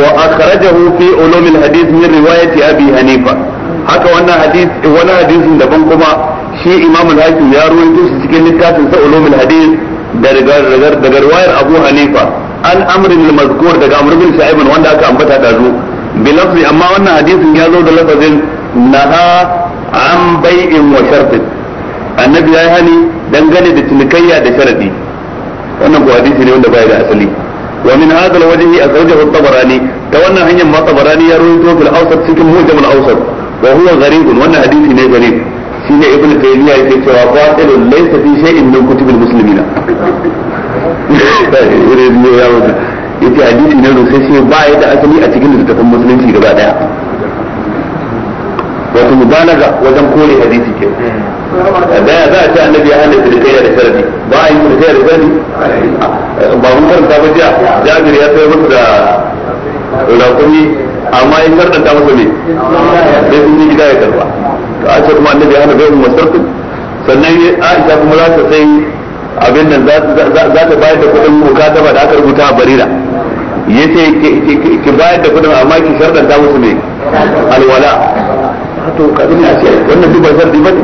وأخرجه في علوم الحديث من رواية أبي حنيفة haka wannan hadis wani hadisin daban kuma shi imam al-hakim ya ruwaito shi cikin littafin sa ulumul hadis daga riwayar abu hanifa an amrin al-mazkur daga amr bin sa'ib wanda aka ambata da zu bilafzi amma wannan hadisin ya zo da lafazin naha an bai'in wa shartin annabi ya hani dangane da cinikayya da sharadi wannan ko hadisi ne wanda bai da asali ومن هذا الوجه أخرجه الطبراني تولى هي ما طبراني يروي في الأوسط سكن موجب الأوسط وهو غريب وأن حديث غريب shine ibn taymiya yake cewa batilun laysa fi shay'in min kutubil muslimina yace hadisi ne da sai ba ya da asali a cikin littafin musulunci gaba daya wato mubalaga wajen kore hadisi ke da za a ce annabi ya halatta da kai da sharadi ba a yi da kai da gani ba mun karanta ba jiya jabir ya sai musu da rakumi amma in karanta musu ne sai sun yi gida ya karba ka a ce kuma annabi ya hana bai mu sarku sannan aisha kuma za ta sai abin nan za ta bayar da kuɗin muka ta ba da aka rubuta a barira ya ce ki bayar da kuɗin amma ki sharɗanta musu ne alwala to kadin ya ce wannan duk ba sharɗi ba ne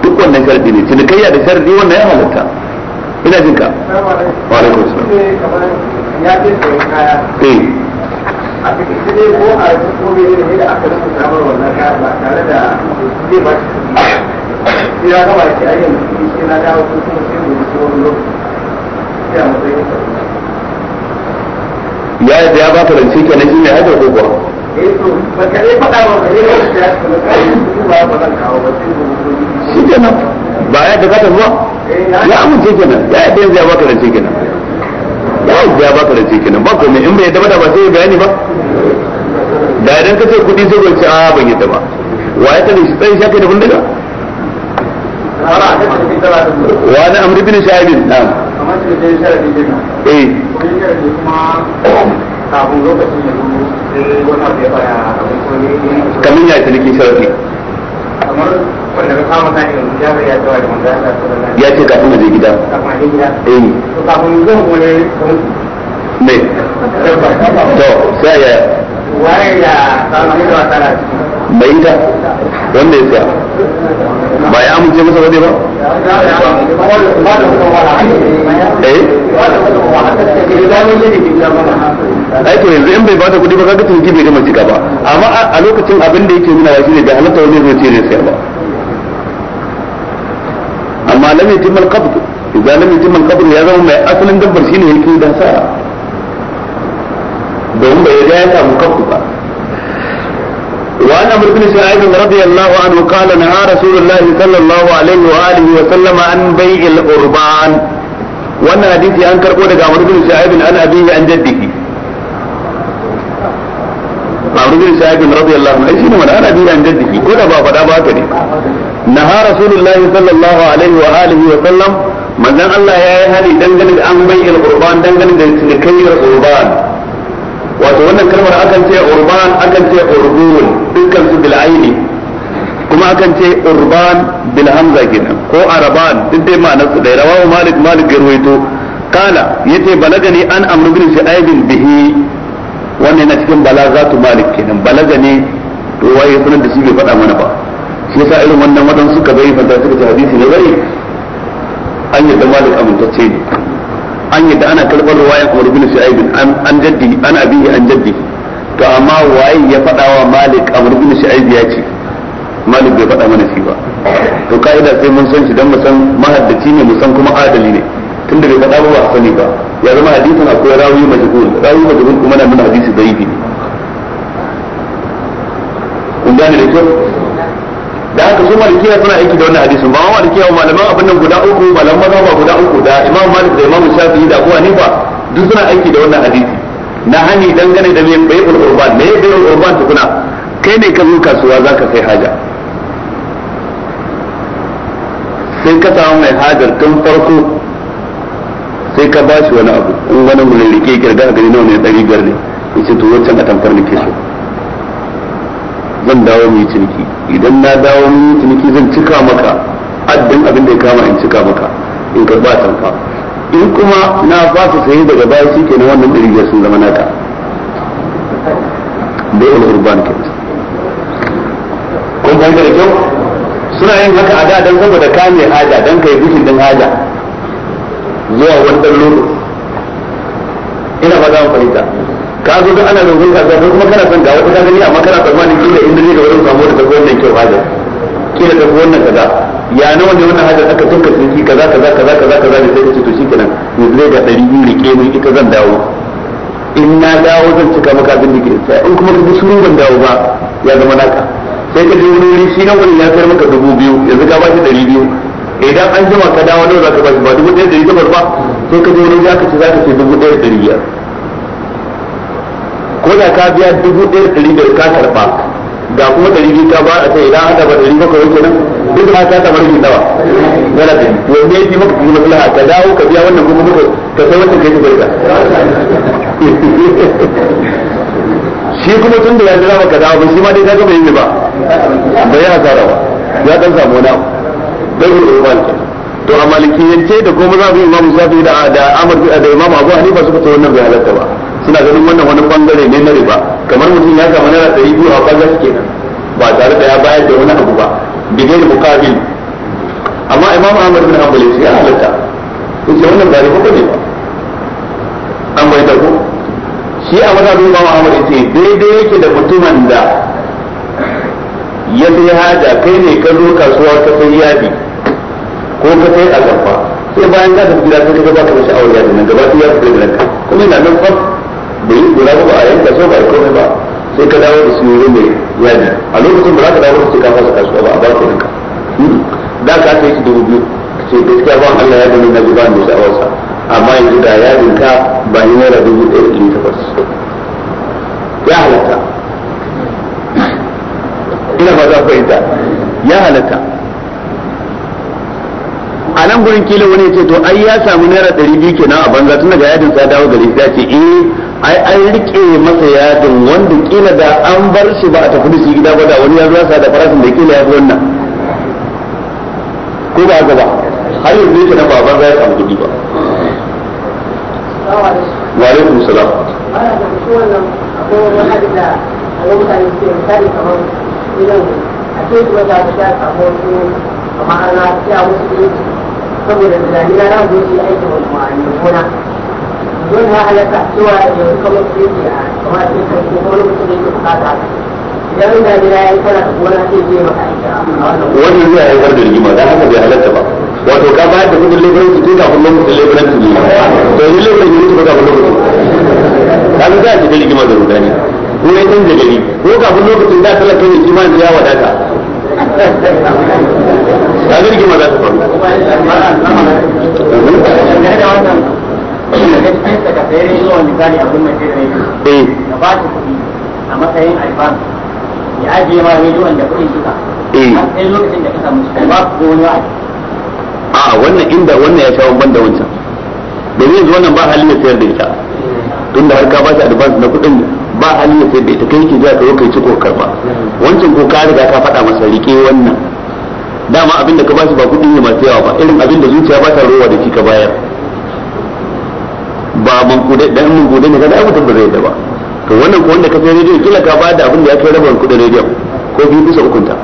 duk wannan sharɗi ne cinikayya da sharɗi wannan ya halatta ina jinka wa alaikum salam ya ce sai kaya eh a cikin shi ko a ko ne da aka rubuta samar wannan kaya ba tare da zai ba shi ya gaba shi a yin shi na dawo ko kuma sai mu ci wani lokaci ya matsayin ya da ya baka rance kenan shi ne haɗa ko kuwa shi kenan ba ya bukatar ruwa ya amince kenan ya yadda yanzu ya baka rance kenan ya yadda ya baka rance kenan ba komai in bai yadda ba da ba sai ya bayani ba da idan ka ce kuɗi sai bai ce a ban yadda ba wa ya tare shi tsayin shaka da bindiga wa na amri bin sha'ibin na eh kamar ya tare ki sharafi kamar ya ce kafin da zai gida eh. me to sai ya bai ta wanda ya tsaya ba ya amince masa ba ba eh? ai to yanzu in bai ba ta kudi ba kaga tunki bai gama cika ba amma a lokacin abin da yake nuna shi ne da halatta wani zai ce ne sai ba amma lam yatim al qabd idan lam ya zama mai asalin dabbar shine yake da sa don bai da ya samu qabd ba wa ana murtin shi ayyuka radiyallahu anhu qala na rasulullah sallallahu alaihi wa alihi wa sallama an bai'il urban wannan hadisi an karbo daga murtin shi ayyuka an abiyi an jaddiki ba murtin shi ayyuka radiyallahu anhu shine wannan hadisi an jaddiki ko da ba fada ba naha rasulullahi sallallahu alaihi wa alihi wa sallam manzon Allah ya yi hali dangane da an bai al-qurban dangane da cinikayyar qurban wato wannan kalmar akan ce urban akan ce urbun dukkan su bil aini kuma akan ce urban bil hamza kenan ko araban duk dai ma'anar su da rawahu malik malik garwaito kala yace balagani an amru bin shu'aib bihi wannan na cikin balagatu malik kenan balagani to waye sunan da shi ke faɗa mana ba shi yasa irin wannan wadan suka bai fanta suka da hadisi ne bai an yadda malik amintacce ne an yadda ana karɓar ruwaya kuma rubin shi an an jaddi an abihi an jaddi to amma waye ya fada wa malik amr bin shu'aib ya ce malik bai fada mana shi ba to ka'ida sai mun san shi dan mu san mahaddaci ne mu san kuma adali ne tunda bai fada ba ba sani ba ya zama hadisin akwai rawi majhul rawi majhul kuma na nuna hadisi dhaifi ne kun gane da kyau da haka su malikiya suna aiki da wannan hadisin ba malikiya wa malaman abin nan guda uku malaman ba guda uku da imam malik da imam shafi'i da abu hanifa duk suna aiki da wannan hadisi na hani dangane da mai bai'ul urban mai bai'ul urban tukuna kai ne ka zo kasuwa zaka sai haja sai ka samu mai hajar tun farko sai ka ba shi wani abu in wani mulki kirga ga ne nawa ne 500 ne yace to wancan a tamfar nake so zan dawo mu yi ciniki idan na dawo mu yi ciniki zan cika maka addin abin da ya kama in cika maka in karba tanka in kuma na ba su sayi daga baya shi kenan wannan ɗari biyar sun zama naka bai wani urban kit kun fahimta da kyau suna yin haka a da don saboda kame haja don kai bikin din haja zuwa wani ɗan lokaci ina ba za mu fahimta ka zo da ana rogon ka zai kuma kana son ga wata ka gani amma kana tsammanin kila in ne ga wurin samu da kaga wannan kyau hajar kila ka wannan kaza ya nawa ne wannan hajar aka tunka sinki kaza kaza kaza kaza kaza ne sai ka ce to shikenan yanzu zai ga ɗari biyu rike ni ita zan dawo in na dawo zan cika maka abin da ke sai in kuma ka shiru ban dawo ba ya zama naka sai ka je wuri shi na wani ya kai maka dubu biyu yanzu ka ba shi ɗari biyu idan an jima ka dawo nawa za ka ba shi ba dubu ɗaya ɗari takwas ba sai ka je wuri za ce za ka ce dubu ɗaya ɗari biyar ko da ka biya dubu ɗaya ɗari biyar ka karɓa ga kuma ɗari biyu ka ba a sai idan haɗa ba ɗari bakwai yake nan duk ma ka samar bin nawa yana da wanda ya ji maka kuma maslaha ka dawo ka biya wannan kuma muka ka sai wannan kai ka shi kuma tun da ya jira maka dawo ba shi ma dai ka gama yi ne ba bai yi hasara ba ya ɗan samu wani abu dai urban to a malikiyance da kuma za mu yi zafi da da Ahmad da Imam Abu Hanifa suka ce wannan bai halatta ba suna ganin wannan wani bangare ne na riba kamar mutum ya samu naira ɗari biyu a bangar kenan ba tare da ya bayar da wani abu ba bigair mukabil amma imam ahmad bin hanbal ya halatta ce wannan ba riba ne ba an bai da ku shi a mazhabin imam ahmad ce daidai yake da mutumin da ya sai haja kai ne ka zo kasuwa ka sai yadi ko ka sai azamfa sai bayan ka tafi gida sai ka ba ka mashi a wajen nan gaba ɗaya ya fi da ranka kuma yana nan tsaf bai yi kura ba a yanka so ba a komai ba sai ka dawo da siyo ya yaji a lokacin ba za ka dawo da sai ka fasa kasuwa ba a ba ku duka da ka sai shi dubu biyu ce gaskiya ban Allah ya gani na zuba mai sha'awarsa amma yanzu da yajin ka ba ni naira dubu ɗaya da ɗari takwas ya halatta ina ba za ku fahimta ya halatta a nan gurin kila wani ya ce to ai ya samu naira ɗari biyu kenan a banza tun daga yajin sa dawo gari ya ce eh ai an rike masa yadin wanda kila da an bar shi ba a tafi da shi gida ba da wani ya zuwa da farashin da kila ya fi wannan ko ba haka ba har yanzu yake na baban zai samu kuɗi ba wa alaikum salam saboda tunani na ran shi aikin wani ma'ani gona don ya halatta cewa da yau kamar su yake a kamar su yake ko wani mutum yake bukata idan da gida ya yi kana da gona sai zai maka aiki wani zuwa ya haifar da rigima don haka bai halatta ba wato ka bayar da kudin leburanci tun kafin lokacin leburanci ne to yi lokacin ne kuma kafin lokacin kaga za a shiga rigima da rudani ko ya canza gari ko kafin lokacin da talaka ne kimanin ya wadata kaga rigima za ta faru da ba shi kuɗi a ya ka samu ba a wannan inda wannan ya sha ban da wancan domin yanzu wannan ba hali ya sayar da ita tunda har ka ba shi advance na kuɗin ba hali ya sayar da ita kai ke zuwa ka kai ci ko karba wancan ko ka riga ka faɗa masa rike wannan dama abin da ka ba shi ba kuɗi ne masu yawa ba irin abin da zuciya ba ta rowa da shi ka bayar ba mun kuɗe dan mun kuɗe ne kada ai mutum ba da ba to wannan ko wanda ka fere rediyo kila ka bada abin da ya kai ban kudin rediyo ko bi bisa hukunta.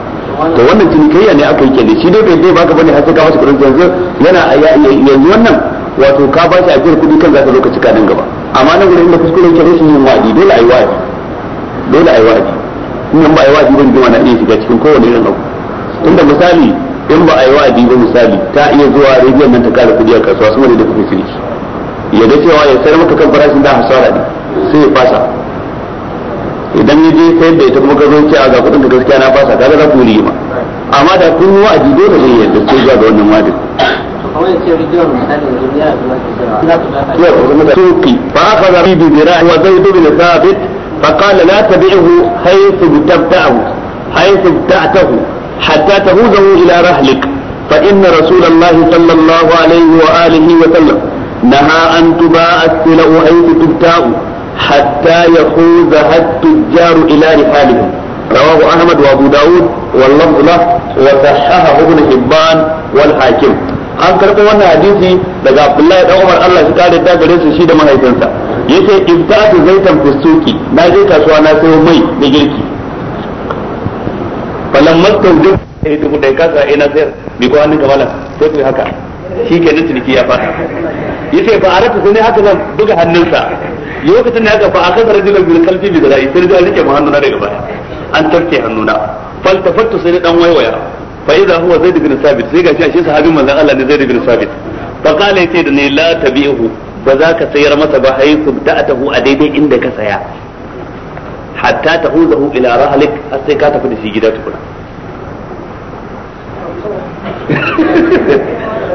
to wannan cinikayya ne aka yi kende shi dai bai dai baka bane har sai ka wasu kudin yanzu yana yanzu wannan wato ka ba shi ajiyar kuɗi kan zaka lokaci ka dinga nan gaba amma nan gurin da kuskure yake rashin yin wadi dole ayi wadi dole ayi wadi in ba ayi wadi ban ji na iya shiga cikin kowane irin abu tunda misali in ba ayi wadi ba misali ta iya zuwa rediyon nan ta kara kudi a kasuwa sama da kuɗin ciniki ya ga cewa ya sayar maka kan farashin da hasara ne sai ya fasa idan ya je sayar da ita kuma ka zo ce a ga kudin ka gaskiya na fasa kaga za ku yi ma amma da kun yi wa wa'adi dole zai yarda sai zuwa ga wannan madin فأخذ ريد ذراع وزيد بن ثابت فقال لا تبعه حيث تبتعه حيث ابتعته حتى تهوزه إلى رحلك فإن رسول الله صلى الله عليه وآله وسلم نهى أن تباع السلع أي تبتاع حتى يخوذها التجار إلى رحالهم رواه أحمد وأبو داود واللفظ له وصححه ابن حبان والحاكم an karɓi wannan hadisi daga Abdullahi dan Umar Allah shi kare da gare su shi da mahaifinsa yace ibta'atu zaitan fi suqi na je kasuwa na sayo mai da girki falan mastau duk sai duk da kasa ina sayar bi ko hannun kamala sai ku haka shi ke nan ciniki ya fara yace fa arata sai haka zan buga hannunsa lokacin da haka fa aka zara jilan bil kalbi bi zara'i sai da rike hannuna daga baya an hannuna sai dan waiwaya fa idza huwa zaid bin sabit sai gashi ashe manzon Allah ne zaid bin sabit fa qala yace da ne la tabi'uhu ba za ka sayar masa ba haythu da'atahu a daidai inda ka saya hatta tahuzahu ila rahlik har sai ka tafi da shi gida tukuna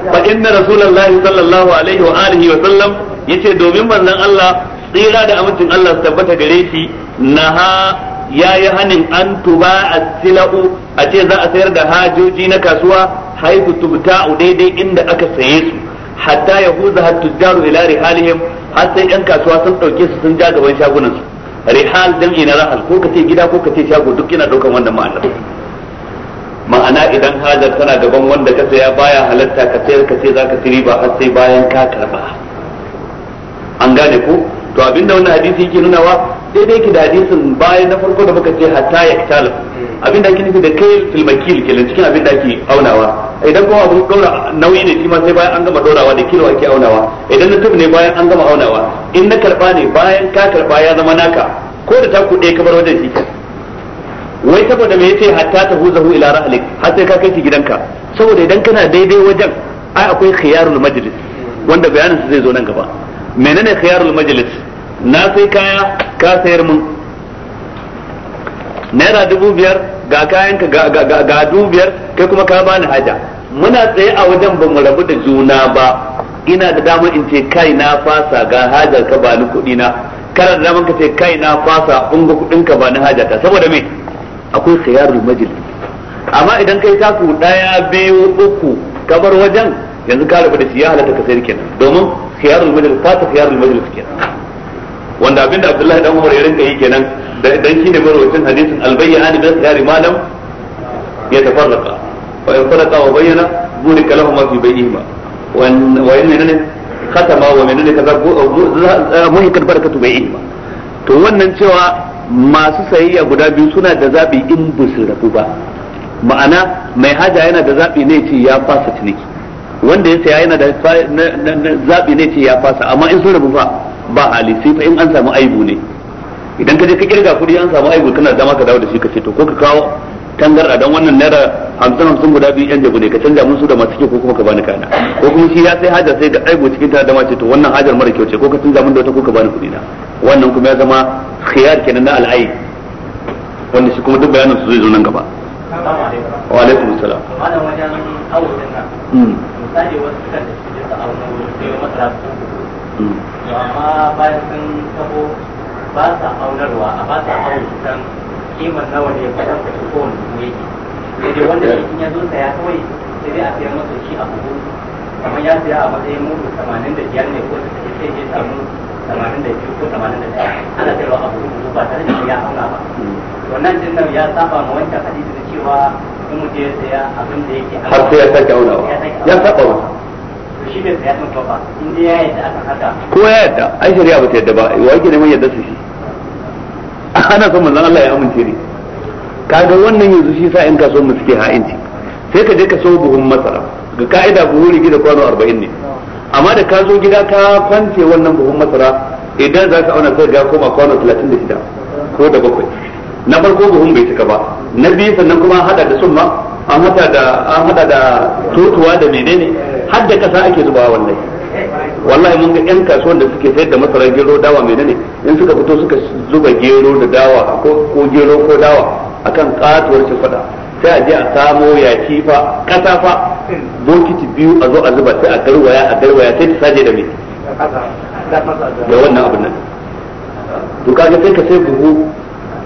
fa inna rasulullahi sallallahu alaihi wa alihi wa sallam yace domin manzon Allah tsira da amincin Allah su tabbata gare shi naha yayi hanin an tuba a silau a ce za a sayar da hajoji na kasuwa haifu tubta'u daidai inda aka saye su hatta yahuza hat-tujjaru ila rihalihim har sai yan kasuwa sun dauke su sun ja wani shagunan su rihal jam'i na rahal ko kace gida ko kace shago duk yana daukan wannan ma'anar ma'ana idan hajar tana gaban wanda ka saya baya halatta ka sayar ka ce zaka siri riba har sai bayan ka karba an gane ku to abinda wannan hadisi yake nuna wa daidai ki da hadisin bayan na farko da muka ce hatta ya kital abinda ake nufi da kai filmakil kenan cikin abinda ake aunawa idan kuma abun daura nauyi ne shi ma sai bayan an gama daurawa da kilo ake aunawa idan na tub ne bayan an gama aunawa in na karba ne bayan ka karba ya zama naka ko da ta kuɗe ka bar wajen shi kenan wai saboda me yace hatta ta huzahu ila rahlik har sai ka kai shi gidanka saboda idan kana daidai wajen ai akwai khiyarul majlis wanda bayanin su zai zo nan gaba menene khiyarul majlis na sai kaya ka sayar mun naira dubu biyar ga kayan ga dubu biyar kai kuma ka bani haja muna tsaye a wajen ba mu rabu da juna ba ina da dama in ce kai na fasa ga hajar ka bani kuɗi na kana da dama ka ce kai na fasa ungo kuɗin ka bani haja ta saboda me akwai khiyarul majlis amma idan kai taku daya biyu uku kabar wajen yanzu ka rabu da shi ya halatta ka sayar kenan domin khiyarul majlis ka ta khiyarul majlis kenan wanda abinda Abdullahi dan Umar ya rinka yi kenan dan ne marwayin hadisin albayyan bil khiyari malam ya tafarraqa fa in farqa wa bayyana kalahu ma fi bayyihima wa in minna khatama wa minna kaza muhikat barakatu bayyihima to wannan cewa masu sayayya guda biyu suna da zabi in ba su rabu ba ma'ana mai haja yana da zabi ne ce ya fasa ciniki wanda ya saya yana da zabi ne ce ya fasa amma in sun rabu ba ba hali sai fa in an samu aibu ne idan ka je ka kirga kudi an samu aibu kana dama ka dawo da shi ka ce to ko ka kawo tangarda don wannan naira hamsin hamsin guda biyu yan jabu ne ka canja musu da masu kyau ko kuma ka bani kana ko kuma shi ya sai haja sai ga aibu cikin ta dama ce to wannan hajar mara kyau ce ko ka canja mun da wata ko ka bani kudi na wannan kuma ya zama khiyar kenan na al'ayi wanda shi kuma duk bayanin su zai zo nan gaba wa alaikum salam malam wajen awo din nan hmm. misali wasu kan da da awo sai masara hmm. amma bayan sun ba sa aunarwa a ba sa awo kiman nawa ne kowane yake sai dai wanda shi ya zo saya kawai sai dai a masa shi a buhu kamar ya a matsayin ne ko sai ya samu 82 ko ana sayarwa abu ba tare da ya ba hmm. wannan din nan ya saba ma wancan hadisi da cewa in mutum ya saya abin da yake har sai ya sake ya saba shi bai saya ba in dai ya yadda akan haka ko ya yadda ai shari'a ba ta yadda ba wa yake neman yadda su shi ana son manzon Allah ya amince ne kaga wannan yanzu shi sa in so mu suke ha'inci sai ka je ka so buhun masara ga ka'ida buhu rigi da kwano 40 ne amma da ka zo gida ka kwance wannan buhun masara idan za ka auna sai ga koma kwano 36 ko da bakwai na farko buhun bai cika ba na biyu sannan kuma an hada da summa an hada da an hada da totuwa da menene har da kasa ake zuba wannan wallahi mun ga yan kasuwan da suke sayar da masara gero dawa menene in suka fito suka zuba gero da dawa ko gero ko dawa akan katuwar shi fada sai a je a samo ya fa kasa fa bokiti biyu a zo a zuba sai a garwaya a garwaya sai ta saje da me da wannan abin nan to kaga sai ka sai buhu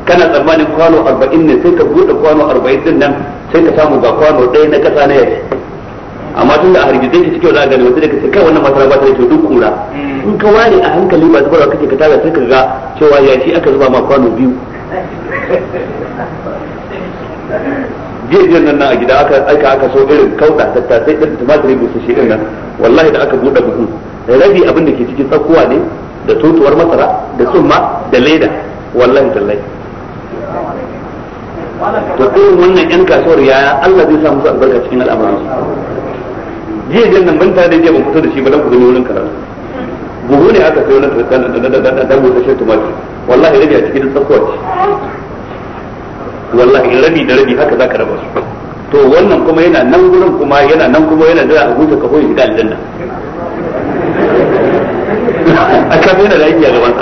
kana tsammanin kwano 40 ne sai ka bude kwano 40 din nan sai ka samu ga kwano ɗaya na kasa na yaci amma tun da a hargitse ki cikin zaga gani wanda da kace kai wannan masara ba ta da duk kura in ka ware a hankali ba zubarwa kake ka tara sai ka ga cewa yaki aka zuba ma kwano biyu gidajen nan a gida aka aika aka so irin kauda tattasai da tumatiri da shi irin nan wallahi da aka bude buhu rabi abin da ke cikin tsakuwa ne da totuwar masara da tsumma da leda wallahi tallai to irin wannan yan kasuwar yaya Allah zai samu su albarka cikin al'amuran su nan ban ta da jiya ban fito da shi ba dan ku gani wurin karatu buhu ne aka sayo na da da da da da da da da da da da da da da da da da wallahi rabi da rabi haka zaka raba su to wannan kuma yana nan gurin kuma yana nan kuma yana da abuta kafo ya shiga aljanna a kan yana da yake a gaban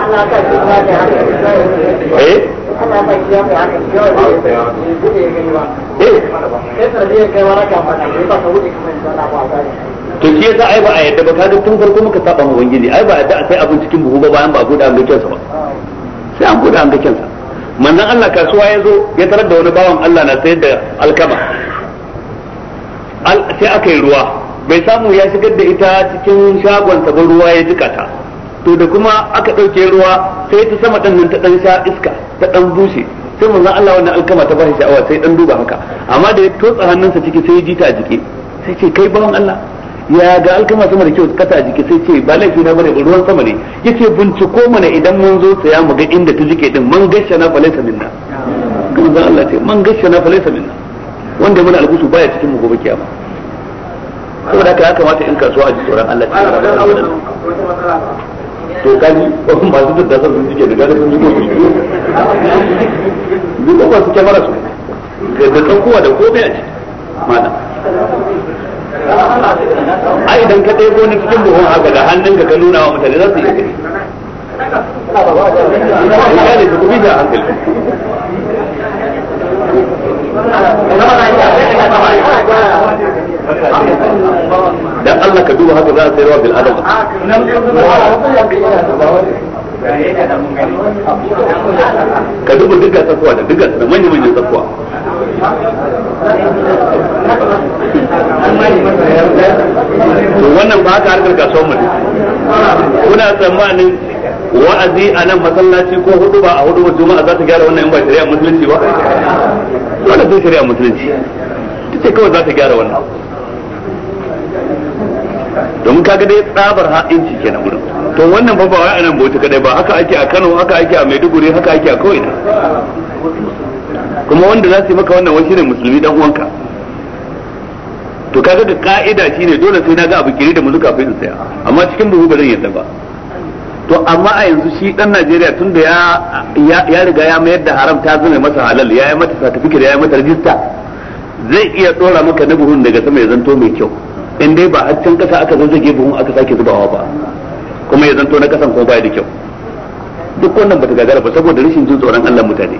eh to shi yasa ai ba a yadda ba kaga tun farko muka saba mu ubangiji ai ba a yadda a sai abin cikin buhu ba bayan ba a buɗe an ga kyansa ba sai an buɗe an ga kyansa manzon Allah kasuwa ya zo ya tarar da wani bawan Allah na sayar da alkama sai aka yi ruwa bai samu ya shigar da ita cikin shagon ba ruwa ya jika ta to da kuma aka ɗauke ruwa sai ta sama ɗan nan ta ɗan sha iska ta ɗan bushe sai manzon Allah wannan alkama ta bashi sha'awa sai ɗan duba haka amma da ya totsa hannunsa ciki sai ya ji ta a jike sai ce kai bawan Allah ya ga alkama sama da kyau kata a jiki sai ce ba laifi na bane ruwan sama ne yace binciko mana idan mun zo tsaya mu ga inda ta jike din man gashi na falaita minna manzon Allah ce man gashi na falaita minna wanda mun algusu baya cikin mu gobe kiyama saboda haka ya kamata in kasuwa a ji tsoron Allah ce to kaji wasu masu da dasar sun jike da gada sun jike su duk su kyamara su ga kowa da komai a ciki mana ai idan ka ɗebo ni cikin buhun haka da hannun ka ka nuna wa mutane za su yi gani ya ne ku bi da hankali dan Allah ka duba haka za a sayarwa bil adama ka duba dukkan sakuwa da dukkan manya-manyan sakuwa to wannan ba haka harkar kasuwar mu kuna tsammanin wa'azi a nan masallaci ko hudu ba a hudu juma'a za ta gyara wannan in ba shari'a musulunci ba wannan sun shari'a musulunci ita kawai za ta gyara wannan domin kaga dai tsabar ha'inci kenan gurin to wannan ba ba wai anan bauta kadai ba haka ake a Kano haka ake a Maiduguri haka ake a kawai kuma wanda za su yi maka wannan wani shine musulmi dan uwanka to kaga ka ka'ida shi ne dole sai na ga abu kiri da mu kafin in saya amma cikin buhu ba zan yadda ba to amma a yanzu shi dan Najeriya tun da ya riga ya mayar da haram ta zama masa halal ya yi mata certificate ya yi mata rajista zai iya dora maka na buhun daga sama ya zanto mai kyau in dai ba a can kasa aka zazzage buhun aka sake zubawa ba kuma ya zanto na kasan ko da kyau duk wannan bata gagara ba saboda rashin jin tsoron Allah mutane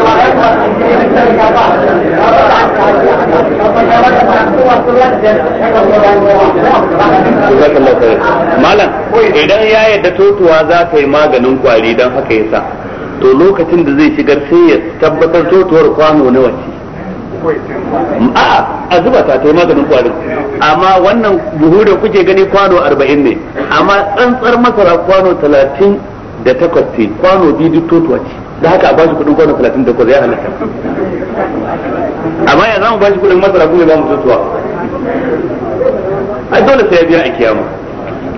jazakallahu khair malam idan ya yadda totuwa za ta yi maganin kwari don haka ya sa to lokacin da zai shigar sai ya tabbatar totuwar kwano na wace a'a a zuba ta ta yi maganin kwarin amma wannan buhu kuke gani kwano arba'in ne amma tsantsar masara kwano talatin da takwas ce kwano biyu duk totuwa ce da haka a bashi kudin kwano talatin da ya halatta amma ya zamu bashi kudin masara kuma ba mu totuwa ai dole sai ya biya a kiyama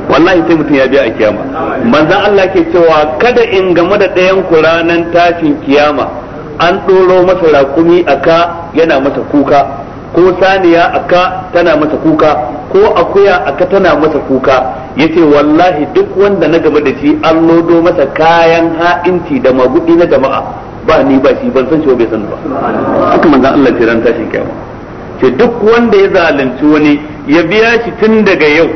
wallahi sai mutum ya biya a kiyama manzon Allah ke cewa kada in game da ɗayan ku ranan tashin kiyama an ɗoro masa rakumi a ka yana masa kuka ko saniya aka tana masa kuka ko akuya aka tana masa kuka ya ce wallahi duk wanda na gaba da shi an lodo masa kayan ha'inci da magudi na jama'a ba ni ba shi ban san shi ba bai san ba haka manzan Allah ya ran tashin kiyama ce duk wanda ya zalunci wani ya biya shi tun daga yau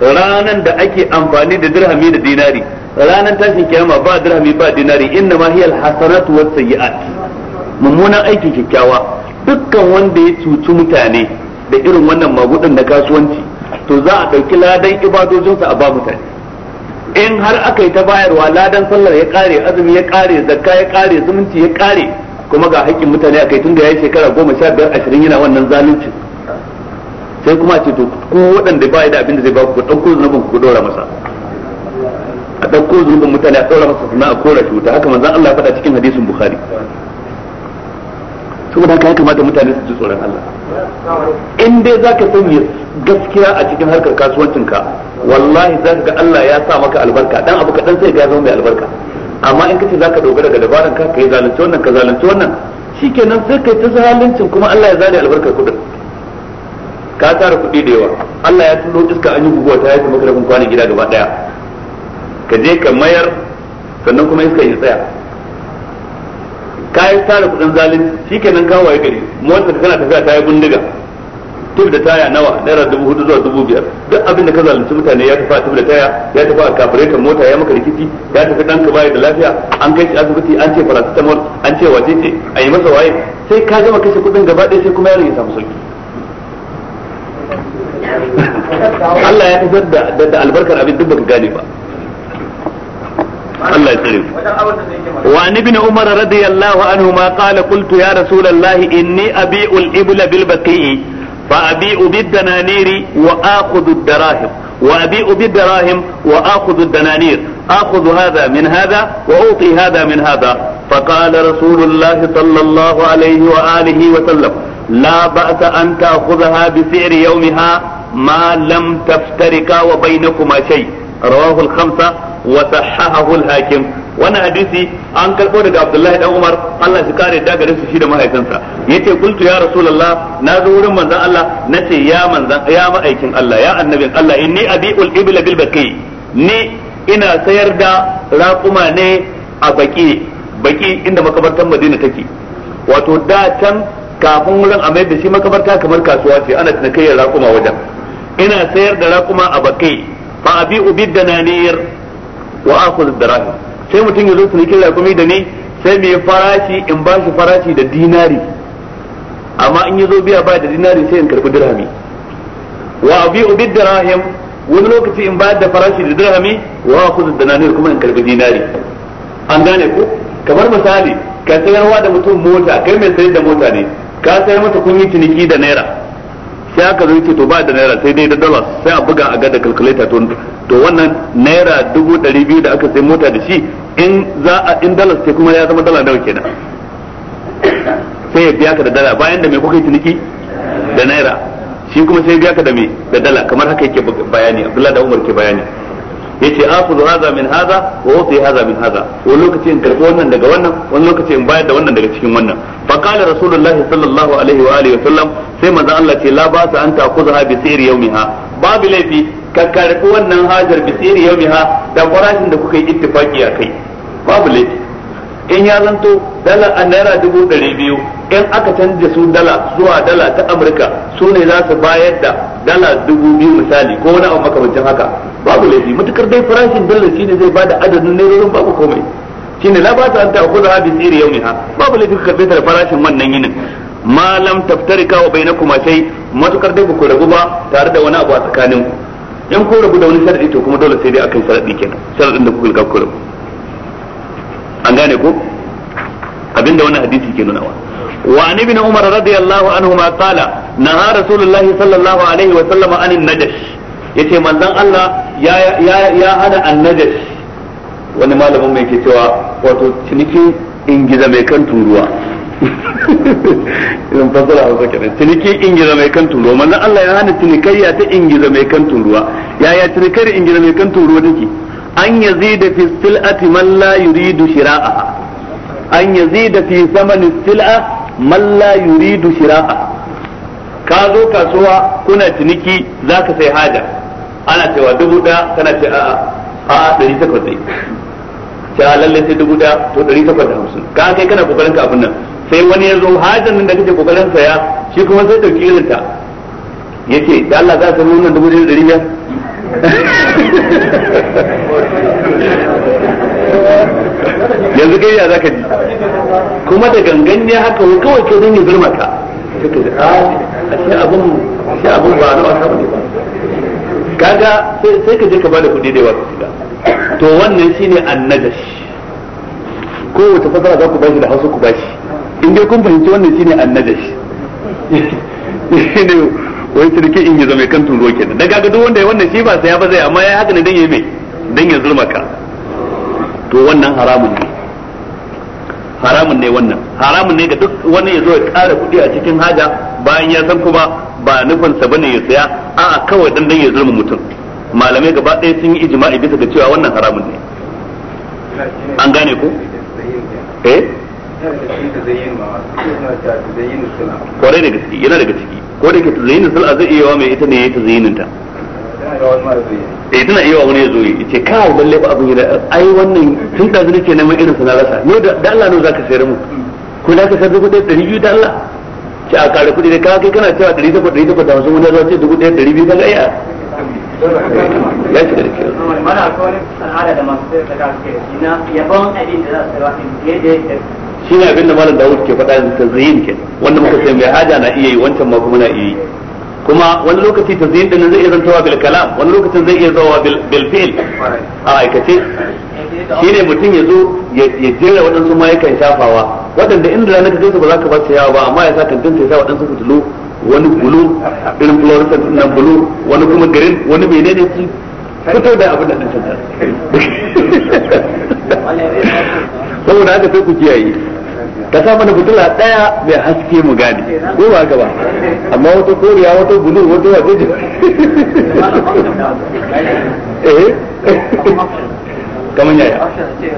ranan da ake amfani da dirhami da dinari ranan tashin kiyama ba dirhami ba dinari inna ma hiya alhasanatu was sayiat mummunan aiki kyakkyawa dukkan wanda ya cuci mutane da irin wannan magudin na kasuwanci to za a ɗauki ladan sa a ba mutane in har aka yi ta bayarwa ladan sallar ya kare azumi ya kare zakka ya kare zumunci ya kare kuma ga haƙƙin mutane a kai tun da ya yi shekara goma sha biyar ashirin yana wannan zalunci sai kuma a ce to ko waɗanda ba da abin da zai ba ku ɗauko zunubin ku ɗora masa a ɗauko zunubin mutane a ɗora masa suna a kora shi wuta haka manzan Allah ya faɗa cikin hadisin Bukhari saboda haka ya kamata mutane su ji tsoron Allah in dai za ka sanya gaskiya a cikin harkar kasuwancinka wallahi ka ga Allah ya sa maka albarka dan abu kaɗan sai ka zama mai albarka amma in kace zaka dogara ga dabarun ka kai zalunci wannan ka zalunci wannan shikenan sai kai ta zalincin kuma Allah ya zare albarkar kudin ka tara kudi da yawa Allah ya tuno iska an yi guguwa ta yi maka rabin kwanan gida gaba daya ka je ka mayar sannan kuma iska ya tsaya ka yi tara kudin zalunci shikenan ka waye gari motar kana tafiya ta yi bindiga tub da taya nawa naira dubu hudu zuwa dubu biyar duk abin da ka zalunci mutane ya tafi a tub da taya ya tafi a kafiretan mota ya maka rikici ya tafi dan ka bai da lafiya an kai shi asibiti an ce paracetamol an ce wace ce a yi masa waye sai ka gama kashe kuɗin gaba ɗaya sai kuma yaron ya samu sauki Allah ya tafiyar da da albarkar abin duk baka gane ba الله يسلمك وعن ابن عمر رضي الله عنهما قال قلت يا رسول الله إني أبيع الإبل بالبقيع فأبيع بالدنانير وآخذ الدراهم وأبيع بالدراهم وآخذ الدنانير آخذ هذا من هذا وأعطي هذا من هذا فقال رسول الله صلى الله عليه وآله وسلم لا بأس أن تأخذها بسعر يومها ما لم تفترقا وبينكما شيء رواه الخمسة وصححه الحاكم wannan hadisi an karbo daga Abdullahi dan Umar Allah shi kare da garin shi da mahaifinsa yace qultu ya rasulullah na zo wurin manzon Allah nace ya manzon ya ma'aikin Allah ya annabin Allah inni abiul ibla bil baqi ni ina sayar da raƙuma ne a baki baki inda makabartar Madina take wato da can kafin wurin a da shi makabarta kamar kasuwa ce ana cinikayyar raƙuma wajen ina sayar da raƙuma a bakai fa abi ubid dananiyar wa akhudh darahim sai mutum ya zo cinikin rakumi da ni sai mai farashi in ba shi farashi da dinari amma in ya zo biya ba da dinari sai in karbi dirhami wa abi ubi dirham wani lokaci in bayar da farashi da dirhami wa na dananir kuma in karbi dinari an gane ku kamar misali ka sayarwa da mutum mota kai mai sayar da mota ne ka sayar masa kun yi ciniki da naira sai aka zo yake to ba da naira sai dai da dollar sai a buga a ga da calculator to to wannan naira dubu ɗari biyu da aka sai mota da shi in za a in dollar sai kuma ya zama dala nawa kenan sai ya biya ka da dala bayan da me kuka yi ciniki da naira shi kuma sai ya biya ka da me da dala kamar haka yake bayani Abdullahi da Umar ke bayani yace akhudhu hadha min hadha wa uti hadha min hadha wa lokaci in karbi wannan daga wannan wani lokaci in bayar da wannan daga cikin wannan fa qala rasulullahi sallallahu alaihi wa alihi wa sallam sai manzo Allah ce la ba ta an ta'khudha bi sayri yawmiha babu laifi ka karbi wannan hajar bi sayri yawmiha da farashin da kuka yi ittifaki akai babu laifi in ya zanto dala a naira dubu ɗari biyu in aka canja su dala zuwa dala ta amurka su ne za su bayar da dala dubu biyu misali ko wani abu makamancin haka babu laifi matukar dai farashin dallar shine zai bada adadin nairorin babu komai shine la ba ta an ta'khudha bi sirri yawmiha babu laifi ka karbe da farashin wannan yinin malam taftarika wa bainakuma shay matukar dai ku rabu ba tare da wani abu a tsakanin ku in ku rabu da wani sharadi to kuma dole sai dai akan sharadi kenan sharadin da kuka ku rabu an gane ko abinda wannan hadisi ke nunawa وعن ابن عمر رضي الله عنهما قال نهى رسول الله صلى الله عليه وسلم عن النجش yace manzon Allah ya ya ya hada annajas wani malamin mai ke cewa wato ciniki ingiza mai kan turuwa idan fasara hausa kenan ciniki ingiza mai kan turuwa manzon Allah ya hana cinikayya ta ingiza mai kan turuwa yaya cinikayyar ingiza mai kan turuwa take an yazida fi sil'ati man la yuridu shira'aha an yazida fi thamanis sil'a man la yuridu shira'a. ka zo kasuwa kuna ciniki za ka sai haja ana cewa dubu ɗaya kana ce a a dari takwas ne ce a lalle sai dubu ɗaya to dari takwas da hamsin ka kai kana kokarin ka abin nan sai wani ya zo hajjan nan da kake kokarin ka ya shi kuma sai dauki irin ta yace da Allah za ka nuna dubu ɗaya ɗari biyar yanzu kai ya zaka ji kuma da gangan ne haka kawai ke don ya birma ka ah, sai abin ba na wasa ba ne ba kaga sai ka je ka bada kuɗi da wasu ka shiga to wannan shine annajash wata fasara za ku bashi da hausa ku bashi in dai kun fahimci wannan shine annajash ne wai sirki in yi zama kan turo kenan dan kaga duk wanda ya wannan shi ba saya ba zai amma ya haka ne dan ya mai dan ya zulma ka to wannan haramun ne haramun ne wannan haramun ne ga duk wani ya zo ya kara kuɗi a cikin haja bayan ya san kuma ba nufin sa bane ya saya a kawai dan dan ya zulmi mutum malamai gaba ɗaya sun yi ijma'i bisa ga cewa wannan haramun ne an gane ko eh kwarai da gaske yana daga ciki ko da ke tazayyinin sal'a zai iya wa mai ita ne ya tazayyinin ta eh tana iya wani ya zoye yi ce kai balle ba abin yana ai wannan tun da zai ce neman irin sana rasa ne da Allah ne ka sayar mu ko za ka sayar da kuɗi 200 da Allah ce a kare kuɗi da kai kana cewa ɗari takwas ɗari takwas da wasu wani zuwa ce dubu ɗaya ɗari biyu kaga iya ya shiga da kyau. Mana akwai wani da masu sayar da kake shi na yabon abin da za su sayarwa da shi ne da malam Dawud ke faɗa yanzu tazyin ke wanda muka ce mai haja na iya yi wancan ma kuma na iya yi kuma wani lokaci tazyin din zai iya zantawa bil kalam wani lokacin zai iya zawa bil fi'l a aikace shine mutum ya zo ya jira waɗansu mayukan shafawa waɗanda inda ranar ka gansu ba za ka ba su yawa ba amma ya sa kantin sai sa waɗansu fitilu wani bulu irin fluorescent na bulu wani kuma garin wani menene su fito da abin da ɗin sanda saboda haka sai ku kiyaye ka sa mana fitila ɗaya mai haske mu gane ko ba haka ba amma wata koriya wata bulu wata wajeji eh kamar yaya eh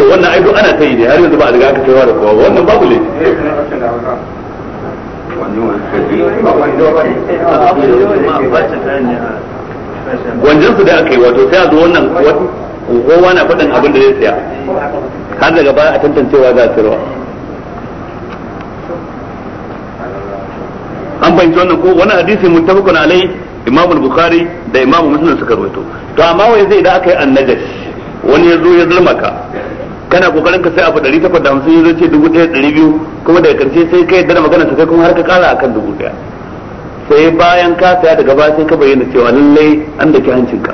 wannan ai ana ta yi ne har yanzu ba a riga aka kaiwa da kowa wannan babu eh, eh, eh, ne gwanjan su da aka yi wato sai a zo wannan kowa na faɗin abin da zai siya har daga baya a tantancewa za a sayarwa fahimci wannan ko wani hadisi muttafaqun alai Imam al-Bukhari da Imam Muslim suka rawaito to amma wai zai da aka yi annajash wani ya zo ya zulma ka kana kokarin ka sai abu 850 ya zo ce 1200 kuma daga karshe sai kai da magana sai kuma har ka kara akan 1000 sai bayan ka saya daga baya sai ka bayyana cewa lallai an da ke ka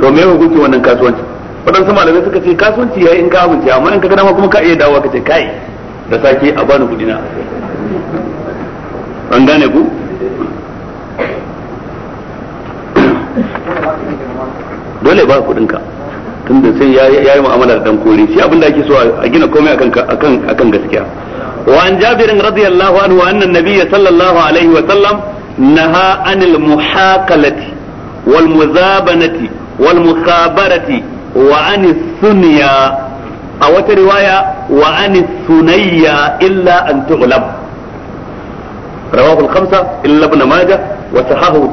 to me hukunci wannan kasuwanci waɗansu malamai suka ce kasuwanci yayi in ka amince amma in ka gana kuma ka iya dawowa ka ce kai da sake a bani kudi na an gane ku dole ba sai ya yi dan shi abin da ake so a gina komai akan akan akan gaskiya wa an jabir radiyallahu anhu anna nabiyya sallallahu alaihi wa sallam naha anil muhaqalati wal muzabanati wal mukhabarati wa anis sunya a wata riwaya wa anis sunayya illa an tughlab rawahu al-khamsa illa ibn majah wa sahahahu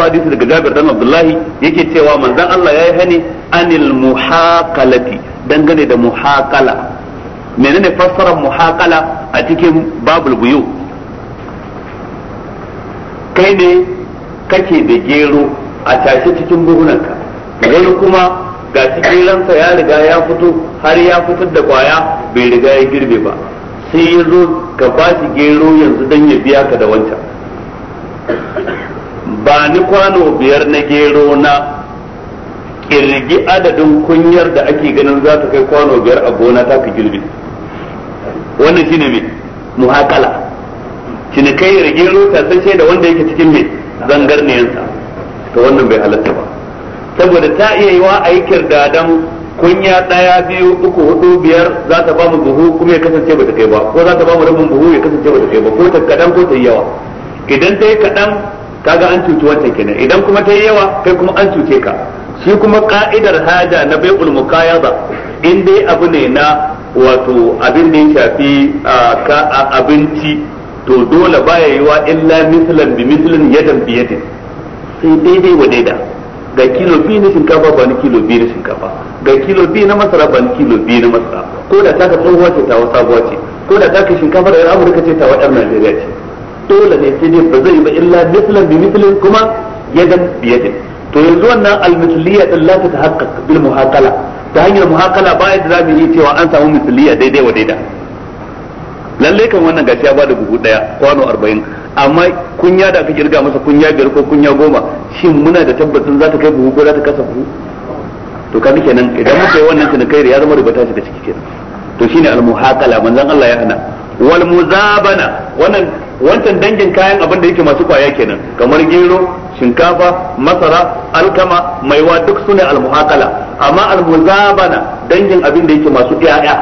hadisi daga dan Abdullahi yake cewa manzon Allah ya yayi hani anil muhaqalati dangane da muhaqala menene fassarar muhaqala a cikin babul buyu kai ne kake da gero a tashe cikin ka. wani kuma ga cikin ransa ya riga ya fito har ya fitar da kwaya bai riga ya girbe ba sai ya zo ka ba shi gero yanzu don ya biya ka da wancan ba ni kwano biyar na gero na kirgi adadin kunyar da ake ganin za ta kai kwano biyar a gona ta ka girbi wannan shine mai muhakala shine kai gero ta sai da wanda yake cikin mai zangarniyansa ta wannan bai halatta ba saboda ta iya yi wa aikir da kunya daya biyu uku hudu biyar za ta ba mu buhu kuma ya kasance ba ta kai ba ko za ta ba mu rabin buhu ya kasance ba ta kai ba ko ta kadan ko ta yawa idan ta yi kadan kaga an cuci wancan kenan idan kuma ta yi yawa kai kuma an cuce ka shi kuma ka'idar haja na bai'ul ba in dai abu ne na wato abin da ya shafi ka abinci to dole baya yiwa illa mislan bi mislan yadan biyadin sai daidai wa daida ga kilo biyu na shinkafa ba ni kilo biyu na shinkafa ga kilo biyu na masara ba ni kilo biyu na masara ko da taka tsohuwa ce tawa sabuwa ce ko da taka shinkafa da amurka ce tawa ɗan najeriya ce dole ne sai ne ba zai ba illa mislan bi mislin kuma yadan bi yadin to yanzu wannan almisliya din la ta haqqaq bil muhaqala ta hanyar muhaqala ba ya da mu yi cewa an samu misliya daidai wa daidai lalle kan wannan gashi ya bada buhu daya kwano 40 amma kunya da aka kirga masa kunya biyar ko kunya goma shin muna da tabbacin za ta kai buhu ko za ta kasa buhu to kaga nan idan muka yi wannan kai ya zama riba ta shiga ciki kenan to shine almuhaqala manzon Allah ya hana wal muzabana wannan wancan dangin kayan abin da yake masu kwaya kenan kamar gero shinkafa masara alkama maiwa duk sune almuhaqala amma almuzabana dangin abin da yake masu iyaya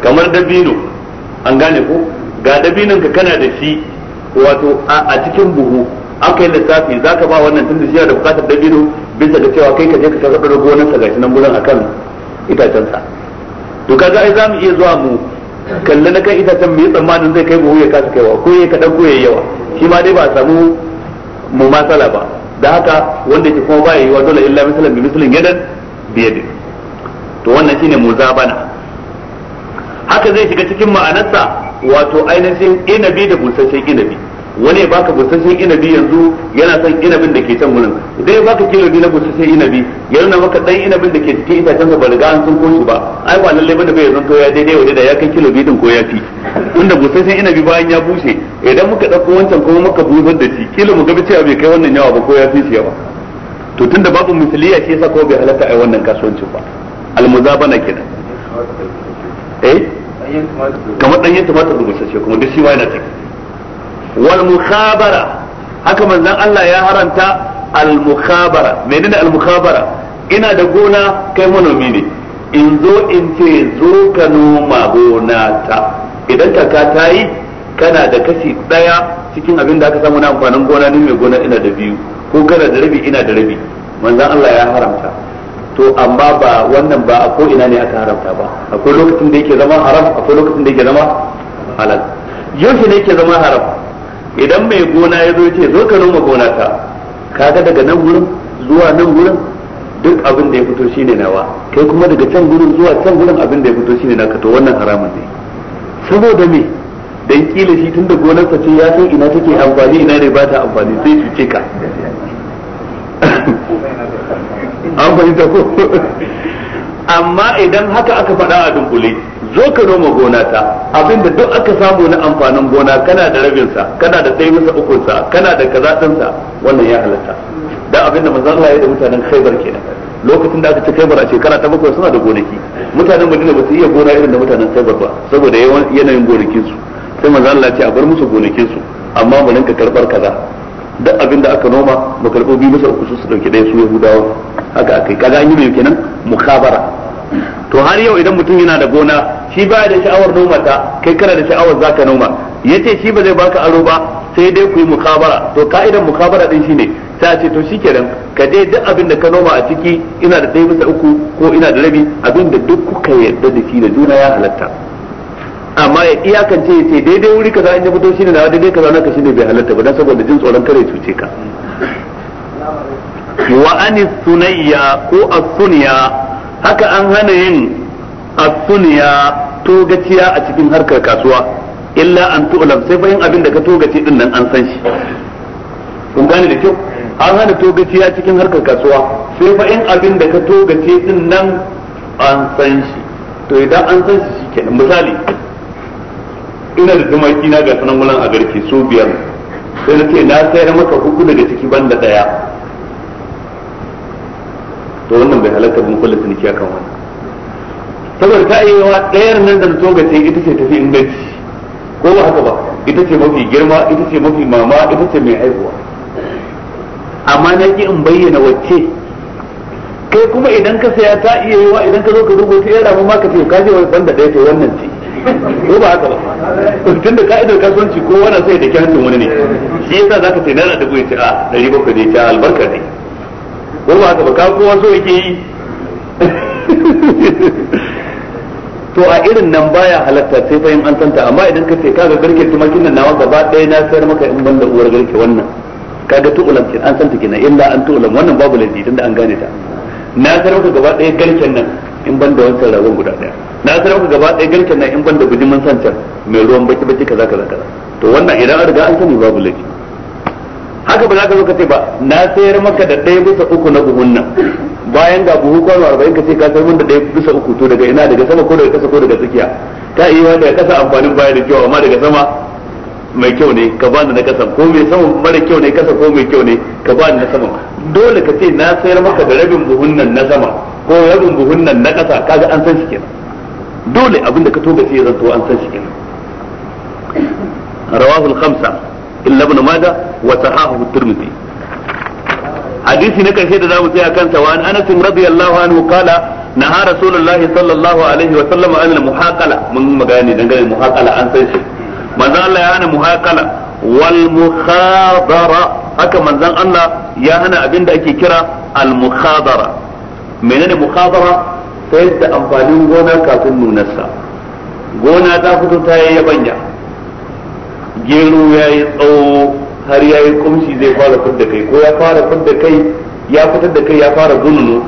kamar dabino an gane ko ga dabinin ka kana da shi wato a cikin buhu aka yi lissafi za ka ba wannan tun da shi da bukatar dabino bisa da cewa kai ka je ka sarrafa da gonar sa gashi nan gurin akan itacen sa to kaga ai za mu iya zuwa mu kalli na kai itacen mu yi tsammanin zai kai buhu ya kasa kaiwa ko ya kaɗan ko ya yawa shi ma dai ba a samu mu masala ba da haka wanda ke kuma ba ya yi wa dole illa misalin bi misalin yadan biyadin to wannan shine muzabana haka zai shiga cikin ma'anarsa wato ainihin inabi da busasshen inabi wani ya baka busasshen inabi yanzu yana son inabin da ke can wurin idan ya baka kilo biyu na busasshen inabi ya nuna maka dan inabin da ke cikin itacen ba riga an sun koshi ba ai ba lallai bane bai zanto ya daidai wani da ya kai kilo biyu din ko ya fi inda busasshen inabi bayan ya bushe idan muka dauko wancan kuma muka busar da shi kilo mu ga cewa bai kai wannan yawa ba ko ya fi shi yawa to tunda babu misaliya shi yasa ko bai halatta ai wannan kasuwancin ba almuzabana kenan eh kamar danyen tumatir musashe kuma duk shiwa yana take wal mukhabara haka manzon Allah ya haranta al mukhabara menene al mukhabara ina da gona kai manomi ne in zo in ce zo ka noma gona ta idan kaka ta yi kana da kashi daya cikin abin da aka samu na amfanin gona ne mai gona ina da biyu ko kana da rabi ina da rabi manzon Allah ya haramta to amma ba wannan ba a ko ina ne aka haramta ba akwai lokacin da yake zama haram akwai lokacin da yake zama halal yaushe ne yake zama haram idan mai gona ya zo ce zo ka noma gona ta kaga daga nan wurin zuwa nan wurin duk abin da ya fito shine nawa kai kuma daga can gurin zuwa can gurin abin da ya fito shine naka to wannan haramun ne saboda me dan kila shi tunda gonarsa ce ya san ina take amfani ina ne ba ta amfani sai su ce ka an fahimta ko amma idan haka aka faɗa a dunkule zo ka noma gona ta abinda duk aka samu na amfanin gona kana da rabin sa kana da ɗaya bisa ukun sa kana da kaza din sa wannan ya halatta da abinda manzo Allah ya da mutanen Khaibar kenan lokacin da aka ci Khaibar a shekara ta bakwai suna da gonaki mutanen Madina ba su iya gona irin da mutanen Khaibar ba saboda yanayin gonakin su sai manzo Allah ya ce a bar musu gonakin su amma mu ninka karbar kaza duk abinda aka noma mu karbo bi musu uku su dauke ɗaya su Yahudawa haka yi kaga an yi mai kenan mukhabara to har yau idan mutum yana da gona shi ba da sha'awar noma ta kai kana da sha'awar zaka noma yace shi ba zai baka aro ba sai dai ku yi mukhabara to ka'idan mukhabara din shine ta ce to shikenan ka dai duk abin da ka noma a ciki ina da ɗaya bisa uku ko ina da rabi abin da duk kuka yarda da shi da juna ya halatta amma ya iyakance ya ce daidai wuri kaza in ya fito ne na daidai kaza naka ne bai halatta ba don saboda jin tsoron kare cuce ka wa anis sunayya ko as-sunya haka an hana yin as-sunya togaciya a cikin harkar kasuwa illa an tu'lam sai bayan abin da ka togace din nan an san shi kun gane da kyau an hana togaciya cikin harkar kasuwa sai fa abin da ka togace din nan an san shi to idan an san shi kenan misali ina da tumaki na ga sanan wulan a garke so biyar sai na ce na sayar maka hudu daga ciki banda daya to wannan bai halarta bin kullu ciniki akan wannan saboda ta yi wa ɗayar nan da toga ce ita ce tafi inganci ko ba haka ba ita ce mafi girma ita ce mafi mama ita ce mai haihuwa amma na ki in bayyana wacce kai kuma idan ka saya ta iya wa idan ka zo ka dubo ya yara ma ka ce ka je wani banda ɗaya ta wannan ce ko ba haka ba tun da ka'idar kasuwanci ko wani sai da kyancin wani ne shi yasa zaka ce naira dubu ya ce a ɗari bakwai ne ta albarka ne ko ba haka ba ka kowa so yake yi to a irin nan baya halatta sai fa an tanta amma idan ka ce kaga garke tumakin nan nawa gaba ɗaya na sayar maka in banda uwar garke wannan kaga tu'ulam kin an tanta kina illa an tu'ulam wannan babu laifi tunda an gane ta na sayar maka gaba ɗaya garken nan in banda wancan ragon guda ɗaya na sayar maka gaba ɗaya garken nan in banda bijimin sancan mai ruwan baki baki kaza kaza kaza to wannan idan an riga an sani babu laifi haka ba za ka zo ka ce ba na sayar maka da ɗaya bisa uku na buhun nan bayan ga buhu kwano arba'in ka ce ka sayar da ɗaya bisa uku to daga ina daga sama ko daga ƙasa ko daga tsakiya ta iya daga kasa amfanin baya da kyau amma daga sama mai kyau ne ka bani na kasa ko mai sama mara kyau ne kasa ko mai kyau ne ka bani na sama dole ka ce na sayar maka da rabin buhun nan na sama ko rabin buhun nan na kasa kaga an san shi kenan dole abinda ka toga sai ya zanto an san shi kenan rawahul khamsa illa ibn majah wa sahahu tirmidhi hadisi na karshe da zamu tsaya kansa wa an anas radiyallahu anhu qala naha rasulullah sallallahu alaihi wa sallam an muhaqala mun magani dangane muhaqala an sai shi manzo Allah ya hana muhaqala wal mukhadara haka manzon Allah ya hana abinda ake kira al mukhadara menene mukhadara sayar da amfani gona kafin nunarsa gona ta fito ta yayyabanya gero ya yi tsawo har ya yi kumshi zai fara fidda kai ko ya fara fidda kai ya fitar da kai ya fara zululu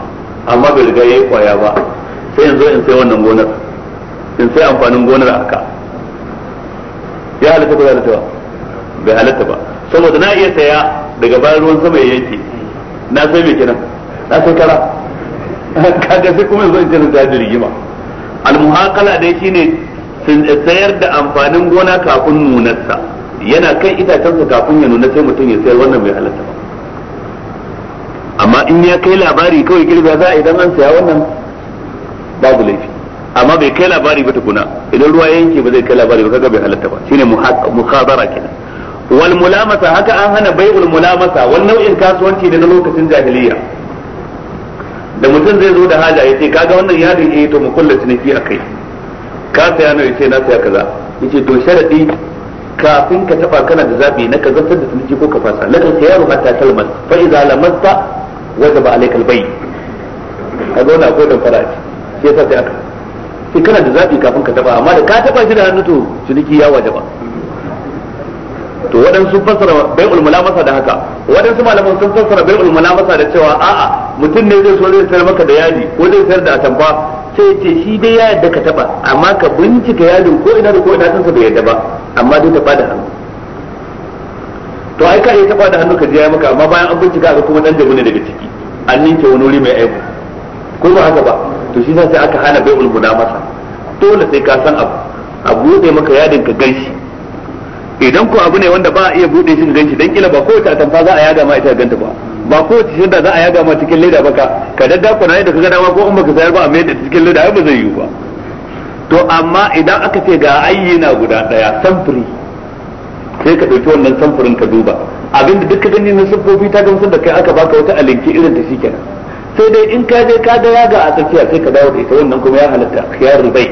amma bai riga ya yi kwaya ba sai yanzu in sai wannan gonar in sai amfanin gonar a ka ya halatta ko halatta ba bai halatta ba saboda na iya saya daga bayan ruwan sama ya yanke na sai mai kenan na sai kara kaga sai kuma yanzu in ce na ta rigima almuhaqala dai shine sayar da amfanin gona kafin nunarsa yana ita itacensa kafin ya nuna sai mutum ya sayar wannan bai halatta ba amma in ya kai labari kawai girbi za a idan an saya wannan babu laifi amma bai kai labari ba tukuna idan ruwa yanke ba zai kai labari ba kaga bai halatta ba shine muhadara kenan wal mulamasa haka an hana bai'ul mulamasa wal nau'in kasuwanci da na lokacin jahiliya da mutum zai zo da haja ya ce kaga wannan yadin yi eh, to mu kullace ne fi akai ka saya nawa yace na saya kaza yace to sharadi kafin ka taba kana da zabi na ka zartar da tunji ko ka fasa la ka sayaru hatta talmas fa idza lamasta wajaba alaykal bay kaga wannan akwai dan fara ce sai sai aka sai kana da zabi kafin ka taba amma da ka taba shi da hannu to ciniki ya wajaba to waɗansu fassara bai'ul mulamasa da haka waɗansu malaman sun fassara bai'ul mulamasa da cewa a'a mutum ne zai so zai sayar maka da yadi ko zai sayar da atamfa sai ce shi dai ya yadda ka taba amma ka bincika yadin ko ina da ko ina tunsa bai yadda ba amma dai taba da hannu to ai ka iya taba da hannu ka je ya maka amma bayan an bincika ga kuma dan da ne daga ciki an ninke wani wuri mai aibu ko ba haka ba to shi sai aka hana bai ulguna masa dole sai ka san abu a bude maka yadin ka ganshi idan ko abu ne wanda ba a iya bude shi da ganshi dan kila ba ko ta tamfa za a yada ma ita ganta ba ba ko cikin da za a yaga ma cikin leda baka ka dadda kuna da kaga dama ko in baka sayar ba a mai da cikin leda ai ba zai yiwu ba to amma idan aka ce ga ayyana guda daya samfuri sai ka dauki wannan samfurin ka duba abinda duk ka gani na siffofi ta gamsu da kai aka baka wata alinki irin ta shikenan sai dai in ka je ka ga yaga a tsakiya sai ka dawo da ita wannan kuma ya halatta khiyar rubai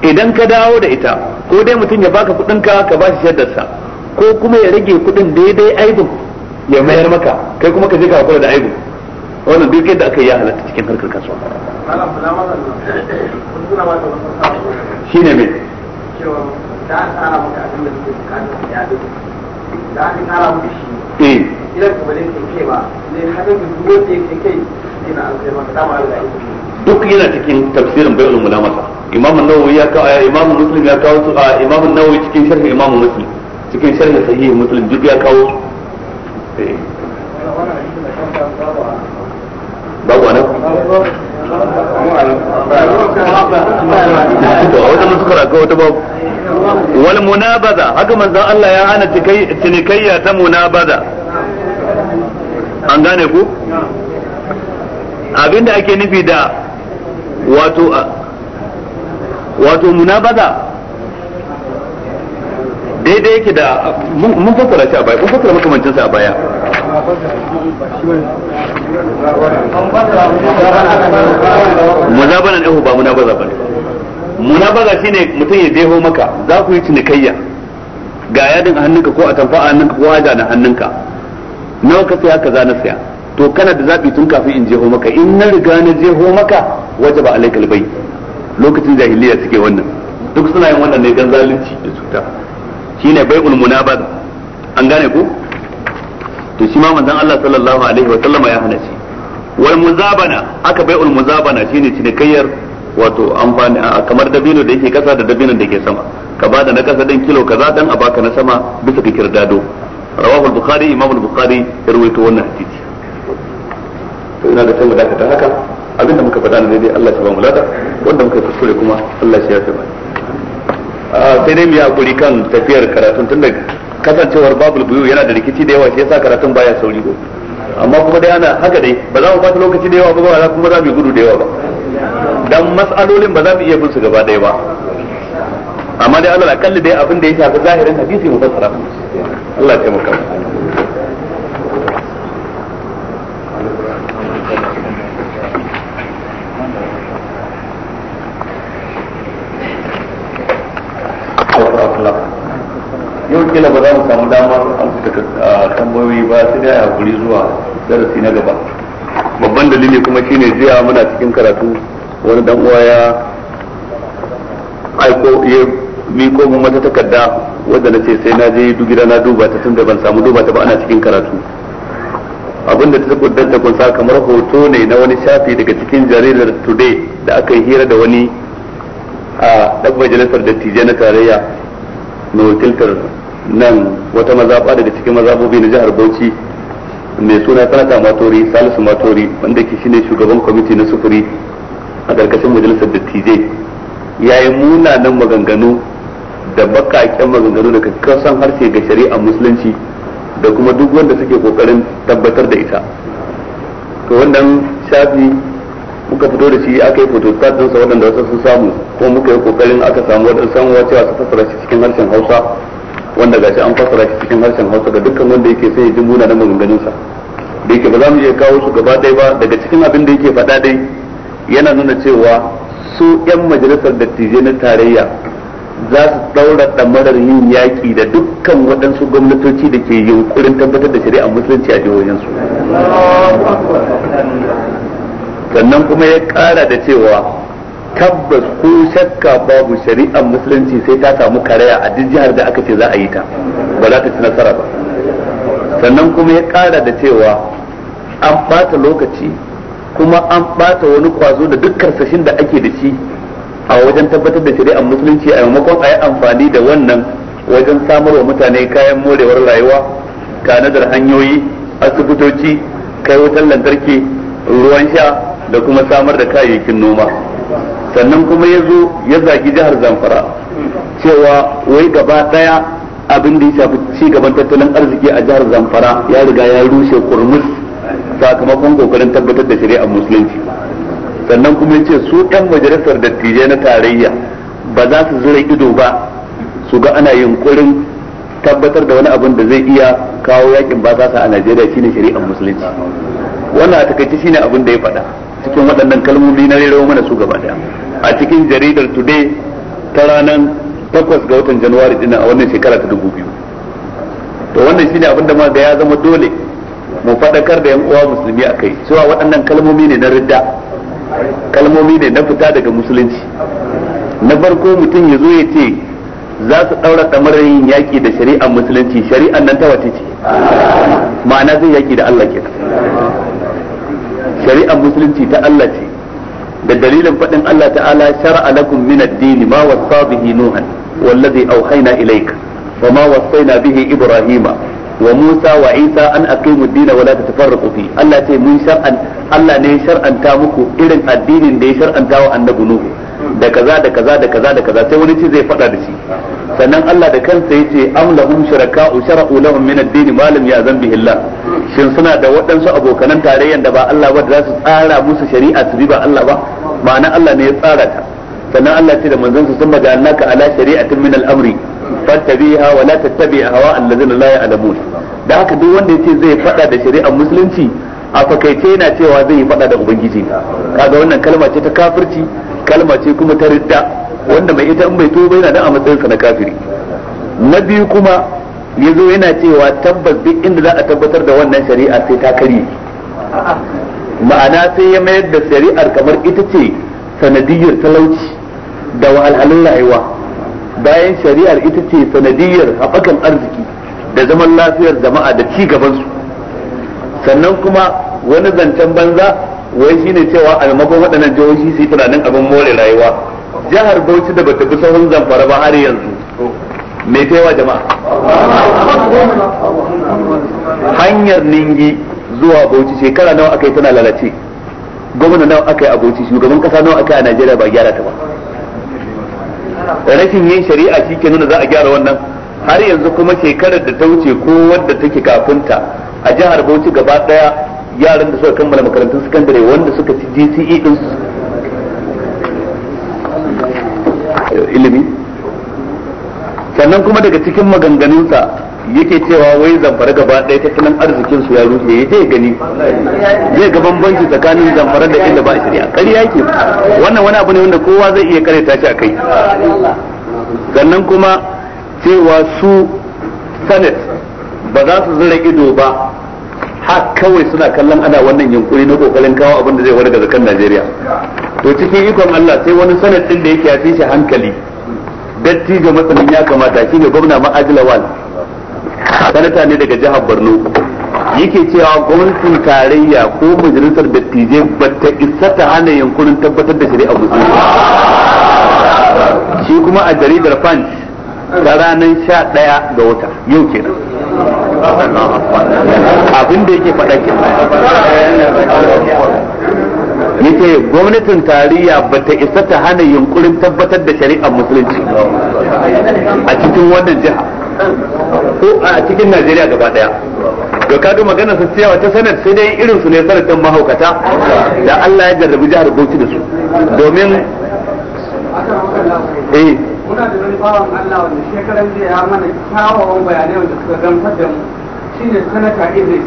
idan ka dawo da ita ko dai mutum ya baka kudin ka ka ba shi shaddarsa ko kuma ya rage kudin daidai aibin ya mayar maka kai kuma ka je ka hakura da aibu wannan duk yadda aka yi ya halatta cikin harkar kasuwa shi eh. ne mai duk yana cikin tafsirin bai bai'ul masa imamu nawawi ya kawo eh, imamu muslim ya kawo su a ah, imamu nawawi cikin sharhi imamu muslim cikin sharhi sahihi muslim duk ya kawo Eh. babu anan to suka raka wata babu wal munabaza haka Allah ya hana cinikayya ta munabaza an gane ku abinda ake nufi da wato wato munabaza daidai yake da mun fassara shi a baya mun fassara makamancin sa a baya munabalan ɗahu ba munabaza ba ne munabaza shine mutum ya jeho maka za ku yi cinikayya ga yadin a hannunka ko a tamfa a hannunka ko haja na hannunka nawa ka saya kaza na saya to kana da zaɓi tun kafin in jeho maka in na riga na jeho maka waje ba alaikal bai lokacin jahiliya suke wannan duk suna yin wannan ne dan zalunci da cuta shine bai'ul munabaza an gane ku to shi ma manzon Allah sallallahu alaihi wa sallama ya hana shi wal muzabana aka bai'ul muzabana shine cinikayyar wato amfani kamar dabino da yake kasa da dabinon da yake sama ka bada na kasa dan kilo kaza dan a baka na sama bisa ga kirdado rawahu al-bukhari imam al-bukhari ya rawaito wannan hadisi to ina da da haka abinda muka faɗa ne dai Allah ya ba mu lada wanda muka kuskure kuma Allah ya shafe mu Ah, sai dai mu yi hakuri kan tafiyar karatun tunda kasancewar babu buyu yana da rikici da yawa shi yasa karatun baya sauri ko amma kuma dai ana haka dai ba za mu bata lokaci da yawa ba ba kuma za mu gudu da yawa ba dan mas'alolin ba za mu iya bin su gaba daya ba amma dai Allah kalli dai abin da ya shafi zahirin hadisi mu fassara Allah ya taimaka kila ba za mu samu damar amsa tambayoyi ba sai dai a zuwa darasi na gaba babban dalili kuma shine jiya muna cikin karatu wani dan uwa ya aiko ya miko mun wata takarda wanda na ce sai na je duk gida na duba ta tunda ban samu duba ta ba ana cikin karatu abinda ta da ta kunsa kamar hoto ne na wani shafi daga cikin jaridar today da aka yi hira da wani a dan majalisar dattijai na tarayya na wakiltar nan wata mazaba daga cikin mazabobi na jihar bauchi mai suna sanata matori salisu matori wanda ke shine shugaban kwamiti na sufuri a ƙarƙashin majalisar dattijai ya yi munanan maganganu da baƙaƙen maganganu da kasan harshe ga shari'a musulunci da kuma duk wanda suke kokarin tabbatar da ita to wannan shafi muka fito da shi aka yi foto ɗinsa waɗanda wasu sun samu ko muka yi kokarin aka samu waɗansu samuwa cewa su fassara shi cikin harshen hausa wanda gashi an fassara shi cikin harshen Hausa ga dukkan wanda yake sai ya ji muna da maganganun sa da yake ba za mu iya kawo su gaba ɗaya ba daga cikin abin da yake faɗa dai yana nuna cewa su yan majalisar dattijai na tarayya za su ɗaura ɗamarar yin yaƙi da dukkan waɗansu gwamnatoci da ke yunkurin tabbatar da shari'ar musulunci a jihohinsu sannan kuma ya ƙara da cewa tabbas ko shakka babu shari'ar musulunci sai ta samu karaya a duk jihar da aka ce za a yi ta ba za ta ci nasara ba sannan kuma ya kara da cewa an bata lokaci kuma an bata wani kwazo da duk karsashin da ake da shi a wajen tabbatar da shari'ar musulunci a maimakon a yi amfani da wannan wajen samar wa mutane kayan morewar rayuwa tanadar hanyoyi asibitoci kai wutar lantarki ruwan sha da kuma samar da kayayyakin noma sannan kuma ya zo ya zaki jihar zamfara cewa wai gaba daya abin da ya shafi ci gaban tattalin arziki a jihar zamfara ya riga ya rushe kurmus sakamakon kokarin tabbatar da shari'ar musulunci sannan kuma ya ce su ɗan majalisar dattijai na tarayya ba za su zura ido ba su ga ana yunkurin tabbatar da wani abin da zai iya kawo yakin basasa a Najeriya shine shari'ar musulunci wannan a takaice shine abin da ya faɗa cikin waɗannan kalmomi na rero mana su gaba daya a cikin jaridar today ta ranar takwas ga watan januwari dinnan a wannan shekara ta dubu biyu to wannan shine abin da ga ya zama dole mu faɗakar da yan uwa musulmi a kai cewa waɗannan kalmomi ne na ridda kalmomi ne na fita daga musulunci na farko mutum ya zo ya ce za su ɗaura ɗamarin yin yaƙi da shari'ar musulunci shari'ar nan ta wace ce ma'ana zai yaƙi da Allah ke shari'ar musulunci ta Allah ce da dalilin faɗin Allah ta'ala shar'a lakum min ad-din ma wasa bihi nuhan wallazi awhayna ilayka wa ma wasayna bihi ibrahima wa musa wa isa an aqimu ad dina wa la tatafarraqu fi Allah ce mun shar'an Allah ne shar'anta muku irin addinin da ya shar'anta wa annabi nuhu da kaza da kaza da kaza da kaza sai wani ce zai faɗa da shi sannan Allah da kansa yace am lahum shuraka'u shara'u lahum min ad-din ma lam ya'zan bihi Allah shin suna da waɗansu abokanan tarayyan da ba Allah ba da za su tsara musu shari'a su bi ba Allah ba ma'ana Allah ne ya tsara ta sannan Allah ce da manzon su summa ja'alnaka ala shari'atin min al-amri fattabiha wa la tattabi hawa allazina la ya'lamun da haka duk wanda yace zai fada da shari'ar musulunci a fakaice yana cewa zai yi faɗa da ubangiji kaga wannan kalma ce ta kafirci kalma ce kuma ta ridda wanda mai ita in bai tuba yana da a matsayin sa na kafiri na biyu kuma yazo yana cewa tabbas duk inda za a tabbatar da wannan shari'a sai ta kare ma'ana sai ya mayar da shari'ar kamar ita ce sanadiyar talauci da wahalhalun rayuwa bayan shari'ar ita ce sanadiyar haɓakan arziki da zaman lafiyar jama'a da ci gabansu sannan kuma wani zancen banza wai shine cewa a maimakon waɗannan jihohi su yi tunanin abin more rayuwa jihar Bauchi da bata bi sahun zamfara ba har yanzu me taiwa jama'a hanyar ningi zuwa Bauchi shekara nawa aka yi tana lalace gwamna nawa aka yi a Bauchi shugaban kasa nawa aka yi a Najeriya ba gyara ta ba rashin yin shari'a shi ke nuna za a gyara wannan har yanzu kuma shekarar da ta wuce ko wadda take kafinta a jihar Bauchi gaba daya yaran da suka kammala makarantun sakandare wanda suka ci GCE din ilimi sannan kuma daga cikin maganganunsa yake cewa wai zamfara gaba ɗaya tattalin arzikin su ya rufe ya je gani zai ga bambanci tsakanin zamfara da inda ba a shirya yake wannan wani abu ne wanda kowa zai iya kare tashi a kai sannan kuma cewa su senate ba za su zira ido ba har kawai suna kallon ana wannan yunkuri na kokarin kawo abin da zai warga zakan Najeriya to cikin ikon Allah sai wani sanad din da yake ya fi hankali dattijo masanin ya kamata shi ne gwamna ma'ajilawal sanata ne daga jihar Borno yake cewa gwamnatin tarayya ko majalisar dattijai ba ta isa ta hana yankunan tabbatar da shari'a musulunci shi kuma a jaridar punch ta ranar sha ɗaya ga wata yau kenan abin da yake faɗa kenan yace gwamnatin tarayya bata isa ta hana yunkurin tabbatar da shari'ar musulunci a cikin wannan jiha ko a cikin Najeriya gaba daya to kaga magana su cewa ta sanar sai dai irin su ne sanatan mahaukata da Allah ya jarrabi jihar Bauchi da su domin eh muna da wani bawan Allah wanda shekaran jiya ya mana kyawawan bayanai wanda suka gamsar da mu shine sanata Idris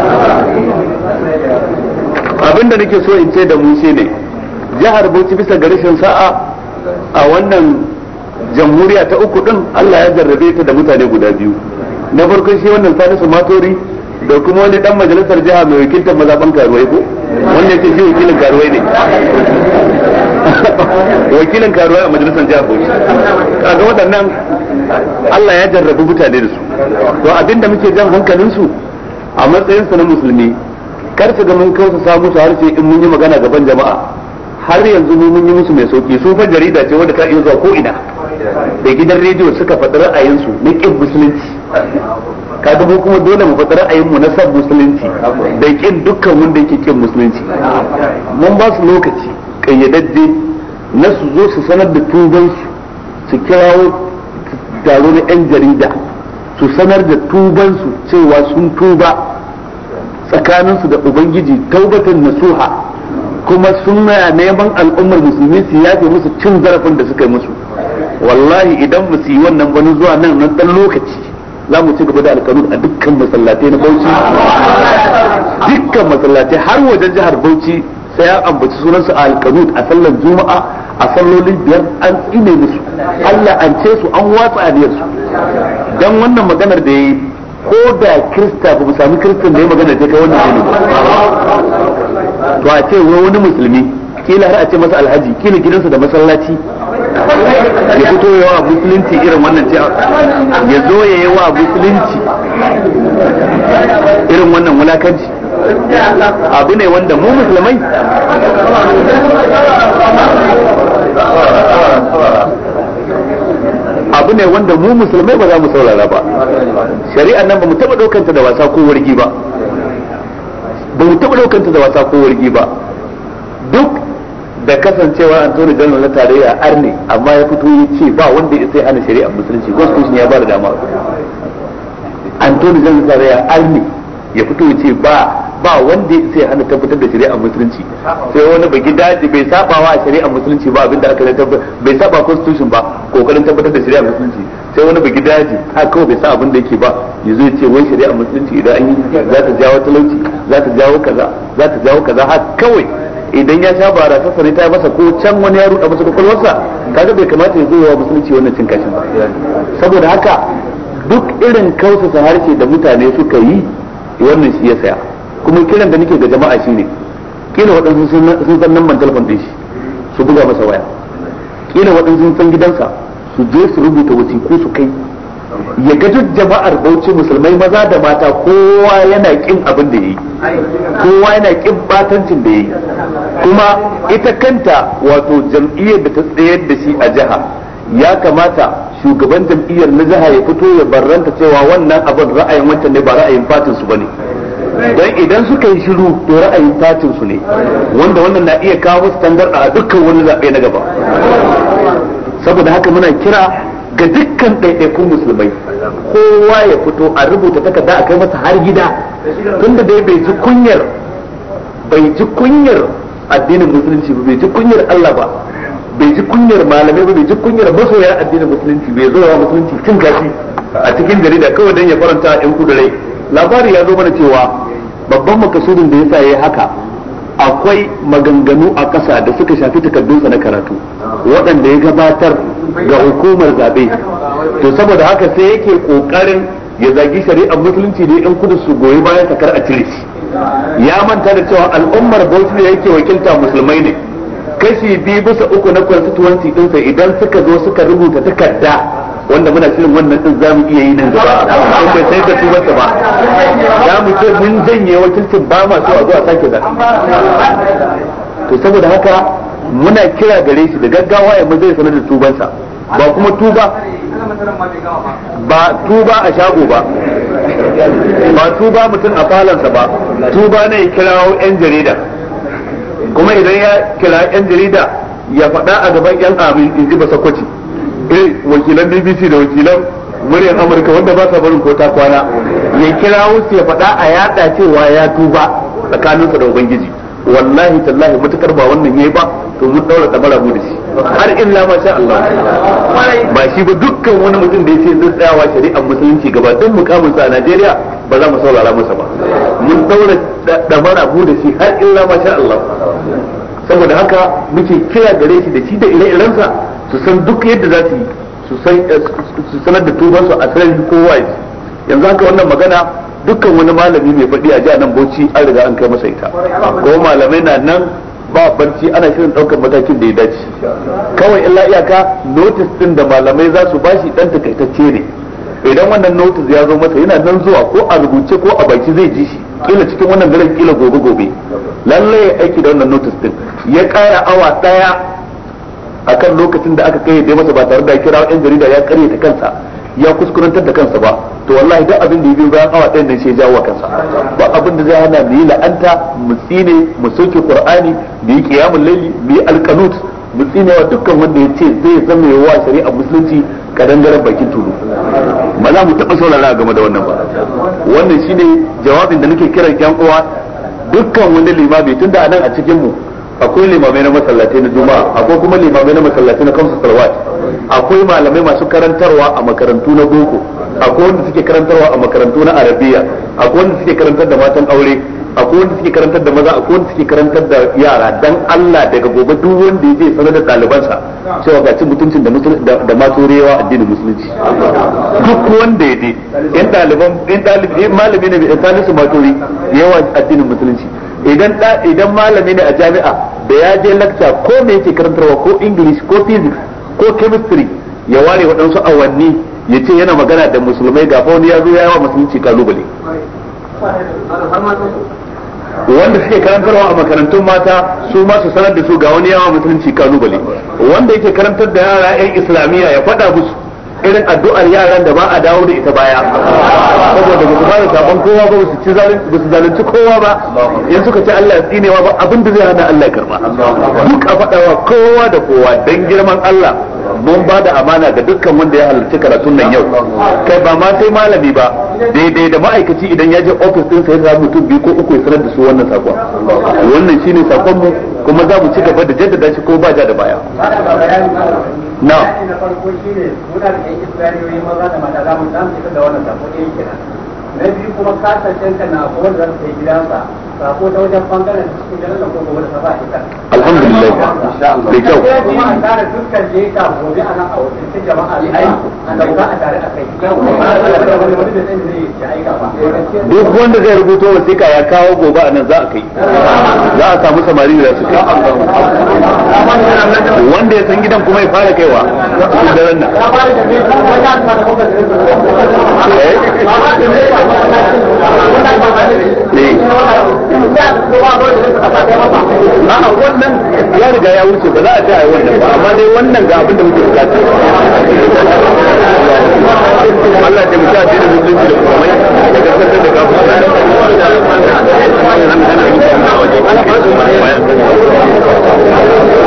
da nake so in ce da mu ne jihar Bauchi bisa ga rashin sa'a a wannan jamhuriya ta uku din Allah ya jarrabe ta da mutane guda biyu na farkon shi wannan Salisu Matori da kuma wani dan majalisar jiha mai wakiltar mazaban karuwai ko wanda yake shi wakilin karuwai ne wakilin karuwai a majalisar jiha bauchi kaga waɗannan Allah ya jarrabe mutane da su to abinda muke jan hankalin su a matsayin su na musulmi kar ka ga mun kausa musu harshe in mun yi magana gaban jama'a har yanzu mu mun yi musu mai sauki su fa jarida ce wanda ta iya zuwa ko ina da gidan rediyo suka faɗi su na ƙin musulunci ka dubo kuma dole mu faɗi mu na san musulunci da ƙin dukkan wanda yake ƙin musulunci mun ba su lokaci kayyadadde na su zo su sanar da tubansu su kirawo taro na 'yan jarida su sanar da tubansu cewa sun tuba tsakaninsu da ubangiji taubatan nasuha kuma suna neman al'ummar musulmi su yafe musu cin zarafin da suka yi musu wallahi idan mu yi wannan bani zuwa nan nan dan lokaci za mu ci gaba da alkanun a dukkan masallatai na Bauchi dukkan masallatai har wajen jihar Bauchi sai ya ambaci sunansu a alkanun a sallar juma'a a sallolin biyar an tsine musu Allah an ce su an watsa aniyar su dan wannan maganar da yayi ko da kirista ba mu sami kiristan da ya magana ta kai wannan ne to a ce wani musulmi kila har a ce masa alhaji kila gidansa da masallaci ya fito ya wa musulunci irin wannan ce ya zo ya yi wa musulunci irin wannan wulakanci abu ne wanda mu musulmai abu ne wanda mu musulmai ba za mu saurara ba shari'a nan ba mu taba daukanta da wasa ko wargi ba ba mu taba daukanta da wasa ko wargi ba duk da kasancewa an tura janar na tarayya arne amma ya fito ya ce ba wanda ya sai hana shari'a musulunci constitution ya ba da dama an tura na tarayya arne ya fito ya ce ba ba wanda ya sai hana tabbatar da shari'ar musulunci sai wani bai gidaje bai saba wa shari'ar musulunci ba abinda aka na tabbatar bai saba constitution ba kokarin tabbatar da shari'ar musulunci sai wani bai gidaje haka kawai bai sa abin da yake ba yazo ya ce wai shari'ar musulunci idan an yi za ta jawo talauci za ta jawo kaza za ta jawo kaza haka kawai idan ya sha bara ta sani ta masa ko can wani ya ruɗa masa kwakwalwarsa kaga bai kamata ya zo wa musulunci wannan cin kashin ba saboda haka duk irin kausa harshe da mutane suka yi wannan shi ya saya kuma kiran da nake ga jama'a shine kila waɗansu sun san nan telefon ɗin shi su buga masa waya kila waɗansu sun san gidansa su je su rubuta wasiku su kai ya ga duk jama'ar bauchi musulmai maza da mata kowa yana kin abin da yayi kowa yana kin batancin da yayi kuma ita kanta wato jam'iyyar da ta tsayar da shi a jiha ya kamata shugaban jam'iyyar na jiha ya fito ya barranta cewa wannan abin ra'ayin wancan ne ba ra'ayin fatin su bane don idan suka yi shiru to ra'ayin satin su ne wanda wannan na iya kawo standar a dukkan wani zaɓe na gaba saboda haka muna kira ga dukkan ɗaiɗaikun musulmai kowa ya fito a rubuta takarda a kai masa har gida tunda dai bai ji kunyar bai ji kunyar addinin musulunci bai ji kunyar Allah ba bai ji kunyar malamai ba bai ji kunyar masoya addinin musulunci bai zo musulunci cin gashi a cikin jarida kawai dan ya faranta yan kudurai labari ya zo mana cewa babban makasudin da yasa yayi haka akwai maganganu a ƙasa da suka shafi takardunsa na karatu waɗanda ya gabatar ga hukumar zaɓe to saboda haka sai yake ƙoƙarin ya zagi shari'ar musulunci da yan kudu su goyi bayan takar a cire ya manta da cewa al'ummar bauchi yake wakilta musulmai ne kashi biyu bisa uku na constituency ɗinsa idan suka zo suka rubuta takarda wanda muna cikin wannan din za mu iya yi nan gaba sai bai sai da tubar ba za mu ce mun janye wakilcin ba ma so a zuwa sake zaɓe to saboda haka muna kira gare shi da gaggawa ya zai sanar da tubansa ba kuma tuba ba tuba a shago ba ba tuba mutum a falansa ba tuba ne kirawo 'yan jarida kuma idan ya kira 'yan jarida ya faɗa a gaban 'yan amin in ji ba sakwaci eh wakilan BBC da wakilan muryar Amurka wanda ba sa barin ko ta kwana ya kira wasu ya faɗa a yada cewa ya tuba tsakaninsa da ubangiji wallahi tallahi mutukar ba wannan yayi ba to mun daura tabara mu da shi har illa ma sha Allah ba shi ba dukkan wani mutum da yace zai tsayawa shari'ar musulunci gaba dan mukamin sa a Najeriya ba za mu saurara masa ba mun daura tabara mu da shi har illa ma sha Allah saboda haka muke kira gare shi da shi da ire-irensa su san duk yadda za su yi su eh, sanar da tuban su a sarari kowa ya yanzu haka wannan magana dukkan wani malami mai faɗi a ji a nan bauchi an riga an kai masa ita ko malamai na nan ba barci ana shirin ɗaukar matakin da ya dace kawai illa iyaka notice din da malamai za su bashi dan takaitacce ne idan wannan notice ya zo masa yana nan zuwa ko a rubuce ko a baki zai ji shi kila cikin wannan garin kila gobe gobe lallai aiki da wannan notice din ya kara awa daya akan lokacin da aka kai da masa ba tare da kira yan jarida ya ta kansa ya kuskurantar da kansa ba to wallahi duk abin da ya biyo bayan awa ɗayan nan sai jawo kansa ba abin da zai hana mu yi la'anta mu tsine mu soke qur'ani mu yi qiyamul layli mu yi alqanut mu tsine wa dukkan wanda ya ce zai zama wa shari'a musulunci kadangaren bakin tulu ba za mu taɓa saurara game da wannan ba wannan shine jawabin da nake kiran yan uwa dukkan wani limami tunda anan a cikin mu akwai limamai na masallaci na juma'a akwai kuma limamai na masallaci na kamsu salwat akwai malamai masu karantarwa a makarantu na boko akwai wanda suke karantarwa a makarantu na arabiya akwai wanda suke karantar da matan aure akwai wanda suke karantar da maza akwai wanda suke karantar da yara dan Allah daga gobe duk wanda ya je sanar da ɗalibansa cewa ga cin mutuncin da maturewa addinin musulunci duk wanda ya je in taliban in talibi malami ne mai tsanisu maturi yawa addinin musulunci idan idan malami ne a jami'a da ya je lakta ko me yake karantarwa ko english ko physics ko chemistry ya ware waɗansu awanni ya ce yana magana da musulmai ga wani ya zo ya yawa musulunci kalubale wanda suke karantarwa a makarantun mata su ma su sanar da su ga wani yawa musulunci kalubale wanda yake karantar da yara 'yan islamiyya ya faɗa musu irin addu'ar yaran da ba a dawo da ita baya saboda ba su ba da sabon kowa ba su ci zalunci ba su kowa ba yanzu suka ce Allah ya wa ba abin da zai hana Allah ya karba duk a faɗawa kowa da kowa dan girman Allah mun ba da amana ga dukkan wanda ya halarci karatun nan yau kai ba ma sai malami ba daidai da ma'aikaci idan ya je ofis din sai ya mutum biyu ko uku ya sanar da su wannan sakon wannan shine sakon mu kuma za mu ci gaba da jaddada shi ko ba ja da baya na na farko shine muna da yan isra'iyoyi maza da mata za mu samu da wannan sako ne kenan na biyu kuma kasashen ka na kowar da ta yi gidansa sako ta wajen bangaren cikin da nan ko gobe da ta ba ita alhamdulillah da kyau kuma a tare dukkan da ya ka gobe ana a wajen cikin jama'a ne ai a da ba a tare a kai da duk wanda zai rubuto wasiƙa ya kawo gobe a nan za a kai za a samu samari da su kai wanda ya san gidan kuma ya fara kaiwa daren nan a'a wannan ya riga ya wuce ba za a ce a yi wannan ba amma dai wannan ga abin da muke bukata Allah ta mutu a cikin musulunci da kuma mai da kasance da kafin da da da da da da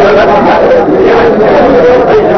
Gracias.